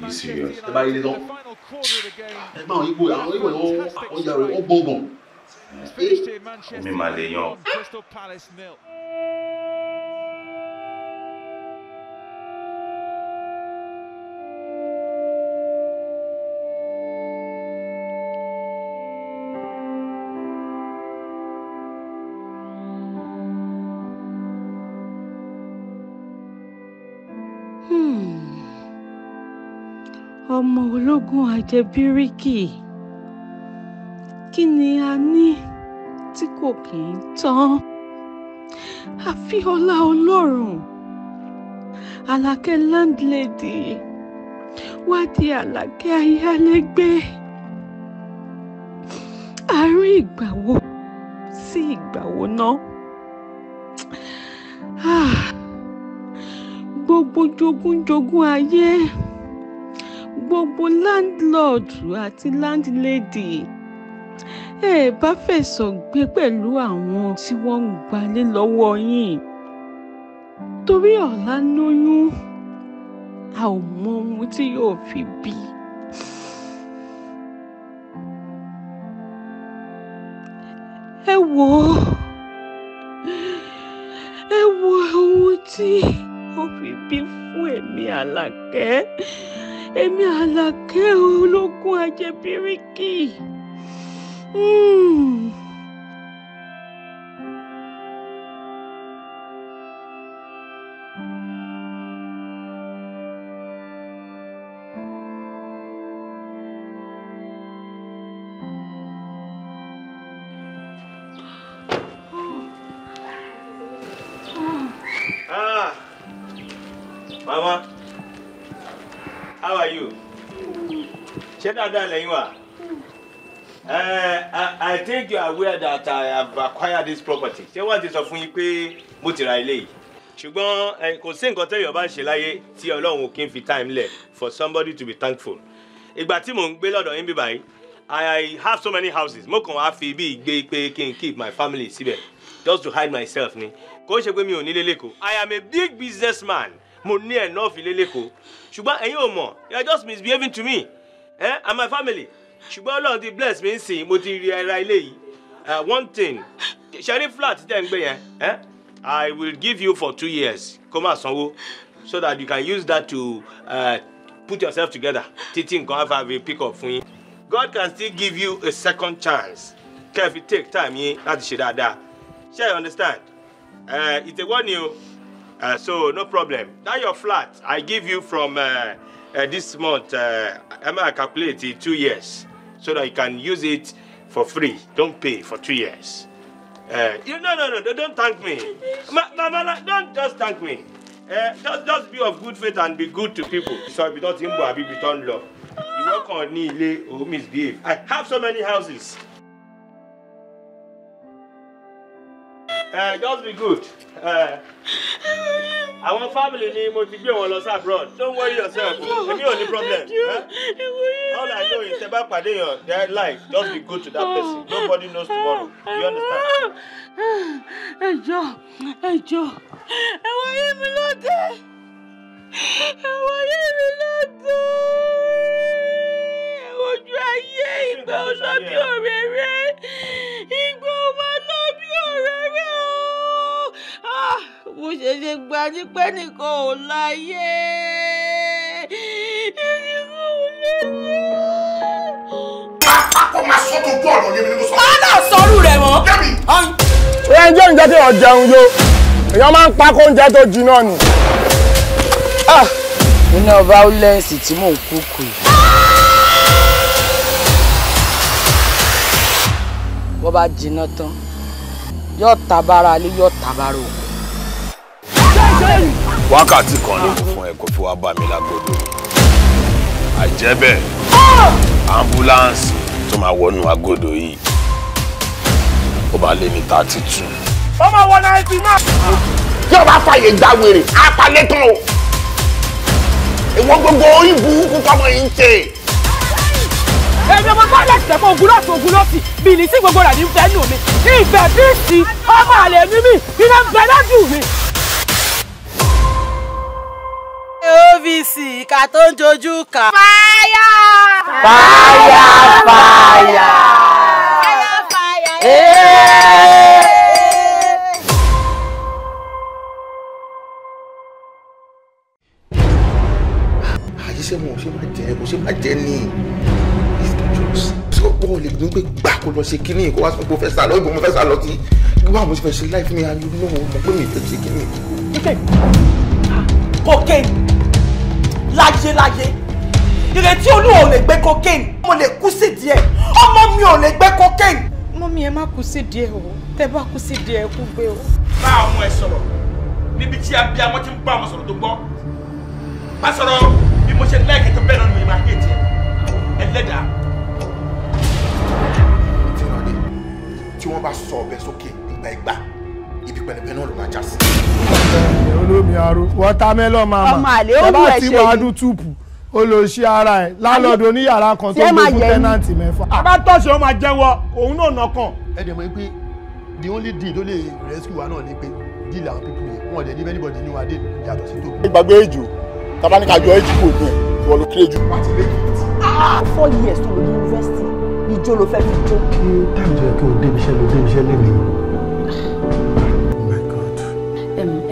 you serious. ẹ bá yẹlé tán ẹ gbọ́n àwọn ibo àwọn ibo ni wọ́n àwọn ìyá rẹ̀ wọ́n gbọ̀ngàn. omi màlè yan. ọmọ ológun àjẹbíríkì kí ni a ní tí kò kì í tán àfi ọlá ọlọ́run àlàkẹ́ landlady wá ayálégbé àárín ìgbà wo sí ìgbà wo náà ah! gbogbo jogúnjogún ayé. Ah, gbogbo landlord àti landlady ẹ bá fẹ̀sọ̀ gbé pẹ̀lú àwọn tí wọ́n ń gbalé lọ́wọ́ yín torí ọ̀la lóyún a ò mọ ohun tí yóò fi bí. ẹ wò ó ẹ wo ohun tí ó fi bí fún èmi Àlàkẹ́. Emi àlàkẹ́ ológun àjẹbíríkì. Mm. ṣé dáadáa lẹ́yìn wa. I think you are aware that I have acquired this property. Ṣé what is of fún yín pé mo ti ra ilé yìí? Ṣùgbọ́n kò sí nǹkan tẹ́yọ̀ bá ṣe láyé tí Ọlọ́run ò kí ń fi time le, for somebody to be thankful. Ìgbà tí mò ń gbé lọ́dọ̀ yín bí báyìí, I have so many houses. Mo kàn wá fi ibi ìgbé pé kí keep my family síbẹ̀ just to hide myself ni. Kò ṣe pé mi ò ní lélẹ́kọ̀ọ́. I am a big businessman. Mo ní enough lélẹ́kọ̀ọ́. Ṣùgbọ́n ẹ̀yin ò mọ̀, you are just misbehaving to me eh? and my family ṣùgbọ́n ọlọ́run ti bless me nsìn mo ti rí ara ilé yìí eh, one thing ṣẹ́rí flat tẹ̀ ń gbé yẹn eh? i will give you for two years kó má sanwó so that you can use that to uh, put yourself together títí nǹkan afa fi pick up fún yín god can still give you a second chance kẹ́ẹ̀fi take time yín láti ṣe dáadáa ṣe you understand uh, it's a one year so no problem that your flat i give you from. Uh, uh, this month, uh, I'm going to calculate it two years so that you can use it for free. Don't pay for two years. Uh, you, no, no, no, don't thank me. Ma, mama, don't just thank me. Uh, just, just be of good faith and be good to people. So without him, I'll be not love. You work on Nile or misbehave. I have so many houses. Uh, just be good. Uh, àwọn family ni mo ti gbé wọn lọ sí abroad don't worry yourself èmi ò ní problem all i know is ẹbá pàdé your their life just be good to that oh. person nobody knows tomorrow you understand. ẹjọ ẹjọ ẹwọ yé mi ló dé ẹwọ yé mi ló dé ojú ayé ìgbà ọlọ́bí ọ̀rẹ́ rẹ. mo ṣẹ̀ṣẹ̀ gba ní pẹ́ nìkan ò láyé ẹnìkan ò láyé. ẹjọ́ ń jẹ́ kí wọ́n jẹun yo èèyàn máa ń pa kó oúnjẹ tó jiná ni. iná violence tí mò ń kú kù yìí. bó bá jiná tán yóò tabara ilé yóò tabara òkú wákàtí kan ló fún ẹ kó fi wá bá mi lágbódò àjẹbẹ ambulance tó máa wọnú agodo yìí ó máa lé ní thirty two. ó máa wọ náírà náà. tí o bá fàyè gba wèrè apalẹ̀ tán o ìwọ gbogbo ìbú kúkọ ọmọ yìí ń ṣe. èmi ọmọ bọ́ọ̀lù ẹ̀sìnkẹ́fọ́ ògúnlọ́sì ògúnlọ́sì bìnnì sí gbogbo rẹ̀ ní fẹ́ nù mí ìfẹ́ bíìsì ọmọ àlè mímì iná ń bẹ lójú mi. OVC ìka tó ń jojú kà. fáyà. fáyà fáyà. fáyà fáyà. ṣe mo ṣe máa jẹ mo ṣe máa jẹ ní sọpọ lè dún pé gbà kó lọ ṣe kíní kó wá sọ pé mo fẹ́ sá lọ ìbò mo fẹ́ sá lọ tí wíwá mo ṣe fẹ́ ṣe láìpẹ́ mi ayé náà mo pé mi fẹ́ ṣe kíní. Ah, cocaine láyéláyé ìrètí olúwa ò lè gbé cocaine mo lè kú sí díẹ̀ ọmọ mi ò lè gbé cocaine. mọ́mí ẹ má kú sí díẹ̀ o tẹ́ bá kú sí díẹ̀ ẹ kú gbé o. bá ọmọ ẹ sọ̀rọ̀ níbi tí abiyamọ ti ń bá ọmọ sọ̀rọ̀ tó gbọ́ bá sọ̀rọ̀ bí mo ṣe lẹ́ẹ̀kẹ́ tó bẹ́ẹ̀ náà ni mo máa kéèjì ẹlẹ́dàá. tí wọ́n bá sọ ọbẹ̀ sókè ìgbà ìgbà ibi pẹlẹpẹ náà ló máa já sí. olómi aró wọ́támẹ́lọ́ máa mà bàbá tí wàá dún túùpù ó lọ ṣí ara ẹ̀ lálọ́dún oníyàrá kan tó gbé tẹ́nàntì mẹ́fà. bàbá tọ́sí ó jẹ́wọ́ òun náà nọkàn. ẹ dẹ̀ mọ̀ pé the only deal tó lè rescue wa náà ni pé deal àwọn people yẹn wọn ò dẹ̀ ní anybody ní wa dé yàtọ̀ sí tó. ìgbàgbé èjò tabaníkàjọ èjì kò ní ẹ̀ ló kéré jù. wọ́n ti lé kìtì. Ah, four years tó lọ yunifásitì ìjó ló fẹ́ fi jó. kí táwọn jẹ́ kí o débi iṣẹ́ ló débi iṣẹ́ lé mi.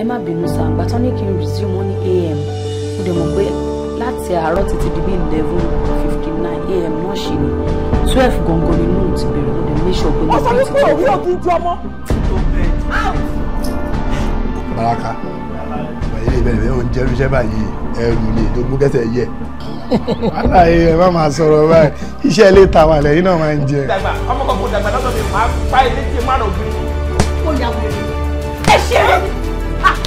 má bínú sá àgbà tán ní kí n resume ní am mo dẹ̀ mọ̀ pé láti àárọ̀ títí di bíi eleven fifty nine am náà ṣì ni twelve gangan ni noon ti bẹ̀rẹ̀ mo dẹ̀ make sure pé mo fi ti tọ́ ọ̀rọ̀ kí n ju ọmọ. baraka ìbẹ̀rẹ̀ ìbẹ̀rẹ̀ ìbẹ̀rẹ̀ oúnjẹ oúnjẹ báyìí ẹrù ni tó gbó kẹsẹ̀ yẹ. aláyé ẹ má máa sọ̀rọ̀ báyìí iṣẹ́ ilé ta wà lẹ́yìn náà máa ń jẹ. dàgbà kò dàgbà lọ́dọ̀ mi máa pa ilé tí márùn-ún bí. ó yà wẹ̀rẹ̀ ẹ ṣe é.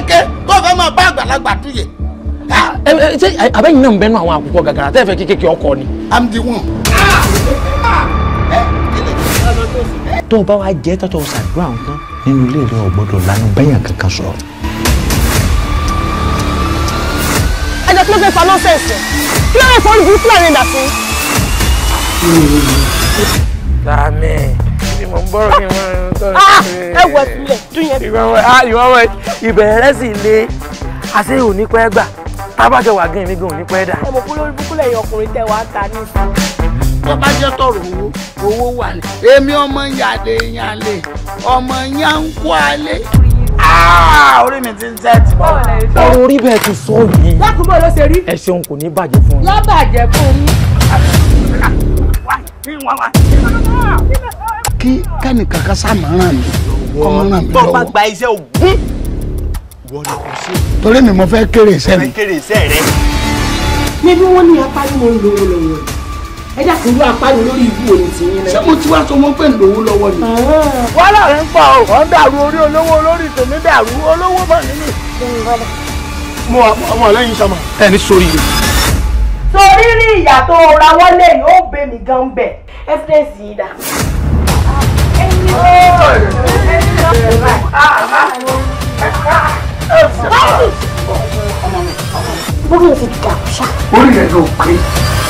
kẹ̀kẹ́ kó o fẹ́ máa bá àgbàlagbà túyè. Ah, ṣé àbẹ́yìn náà ń bẹ́nu àwọn àkùkọ gàgàrà tẹ́ ẹ fẹ́ kékeré ọkọ ni. i'm the one. tó o bá wa jẹ́ tọ́tọ̀ ṣàdúrà nǹkan nínú ilé rẹ ò gbọ́dọ̀ lanu bẹ́yàn kankan sọ̀rọ̀. ẹ̀jẹ̀ kí ló fẹ́ fa nọ́ọ̀sẹ̀sì kí ló lè fọ́ ìbú fúlàní dà sí kí mo ń bọ̀rọ̀ kí mo ń tọ́ ah! ẹ. ẹ ah, ìbẹ̀rẹ̀ sì le àṣé ò ní pẹ́ gbà tábàjọ wà gé mi gan ò ní pẹ́ dà. ẹ mọ̀ kó lórí búkúlẹ̀ yẹn ọkùnrin tẹ wàá ta ní ìsìn. tó jẹ́ tọrọ owó owó wà ní. èmi ọmọ yàdé yanlé ọmọ yankó alé ah! orí mi ti ń tẹ́ ti bọ̀. ọ̀rọ̀ orí bẹ́ẹ̀ ti sọ yìí. lákùúgbọ́ ló ṣe rí. ẹ ṣeun kò ní bàjẹ́ fún yín. lọ́bàjẹ́ fún yín kí kẹ́nìkan kan sàmọ́ràn mi kọ́mọ́ràn mi lọ́wọ́. bọ́ọ̀ bá gba iṣẹ́ ògún. torí mi mo fẹ́ kéré iṣẹ́ mi. kéré iṣẹ́ rẹ. níbi wọ́n ní apariwo ń lówó lọ́wọ́ ẹ dàkún ló apariwo lórí ibú òní tì yín náà. ṣé mo ti wá sọ wọn pé ń lọ́wọ́ ni. wọ́n láàrin pa ọ̀rọ̀ ń dàrú orí olówó olórí tèmi dàrú olówó bọ̀ nínú. mo àwọn ọ̀lẹ́yin sọmọ. ẹ ní sórí yìí torí rí ìyà tó ra wọlé yìí ó bẹ mi gan bẹ evidence yìí dà bóyá ti dàgbà. orí rẹ̀ ló pé.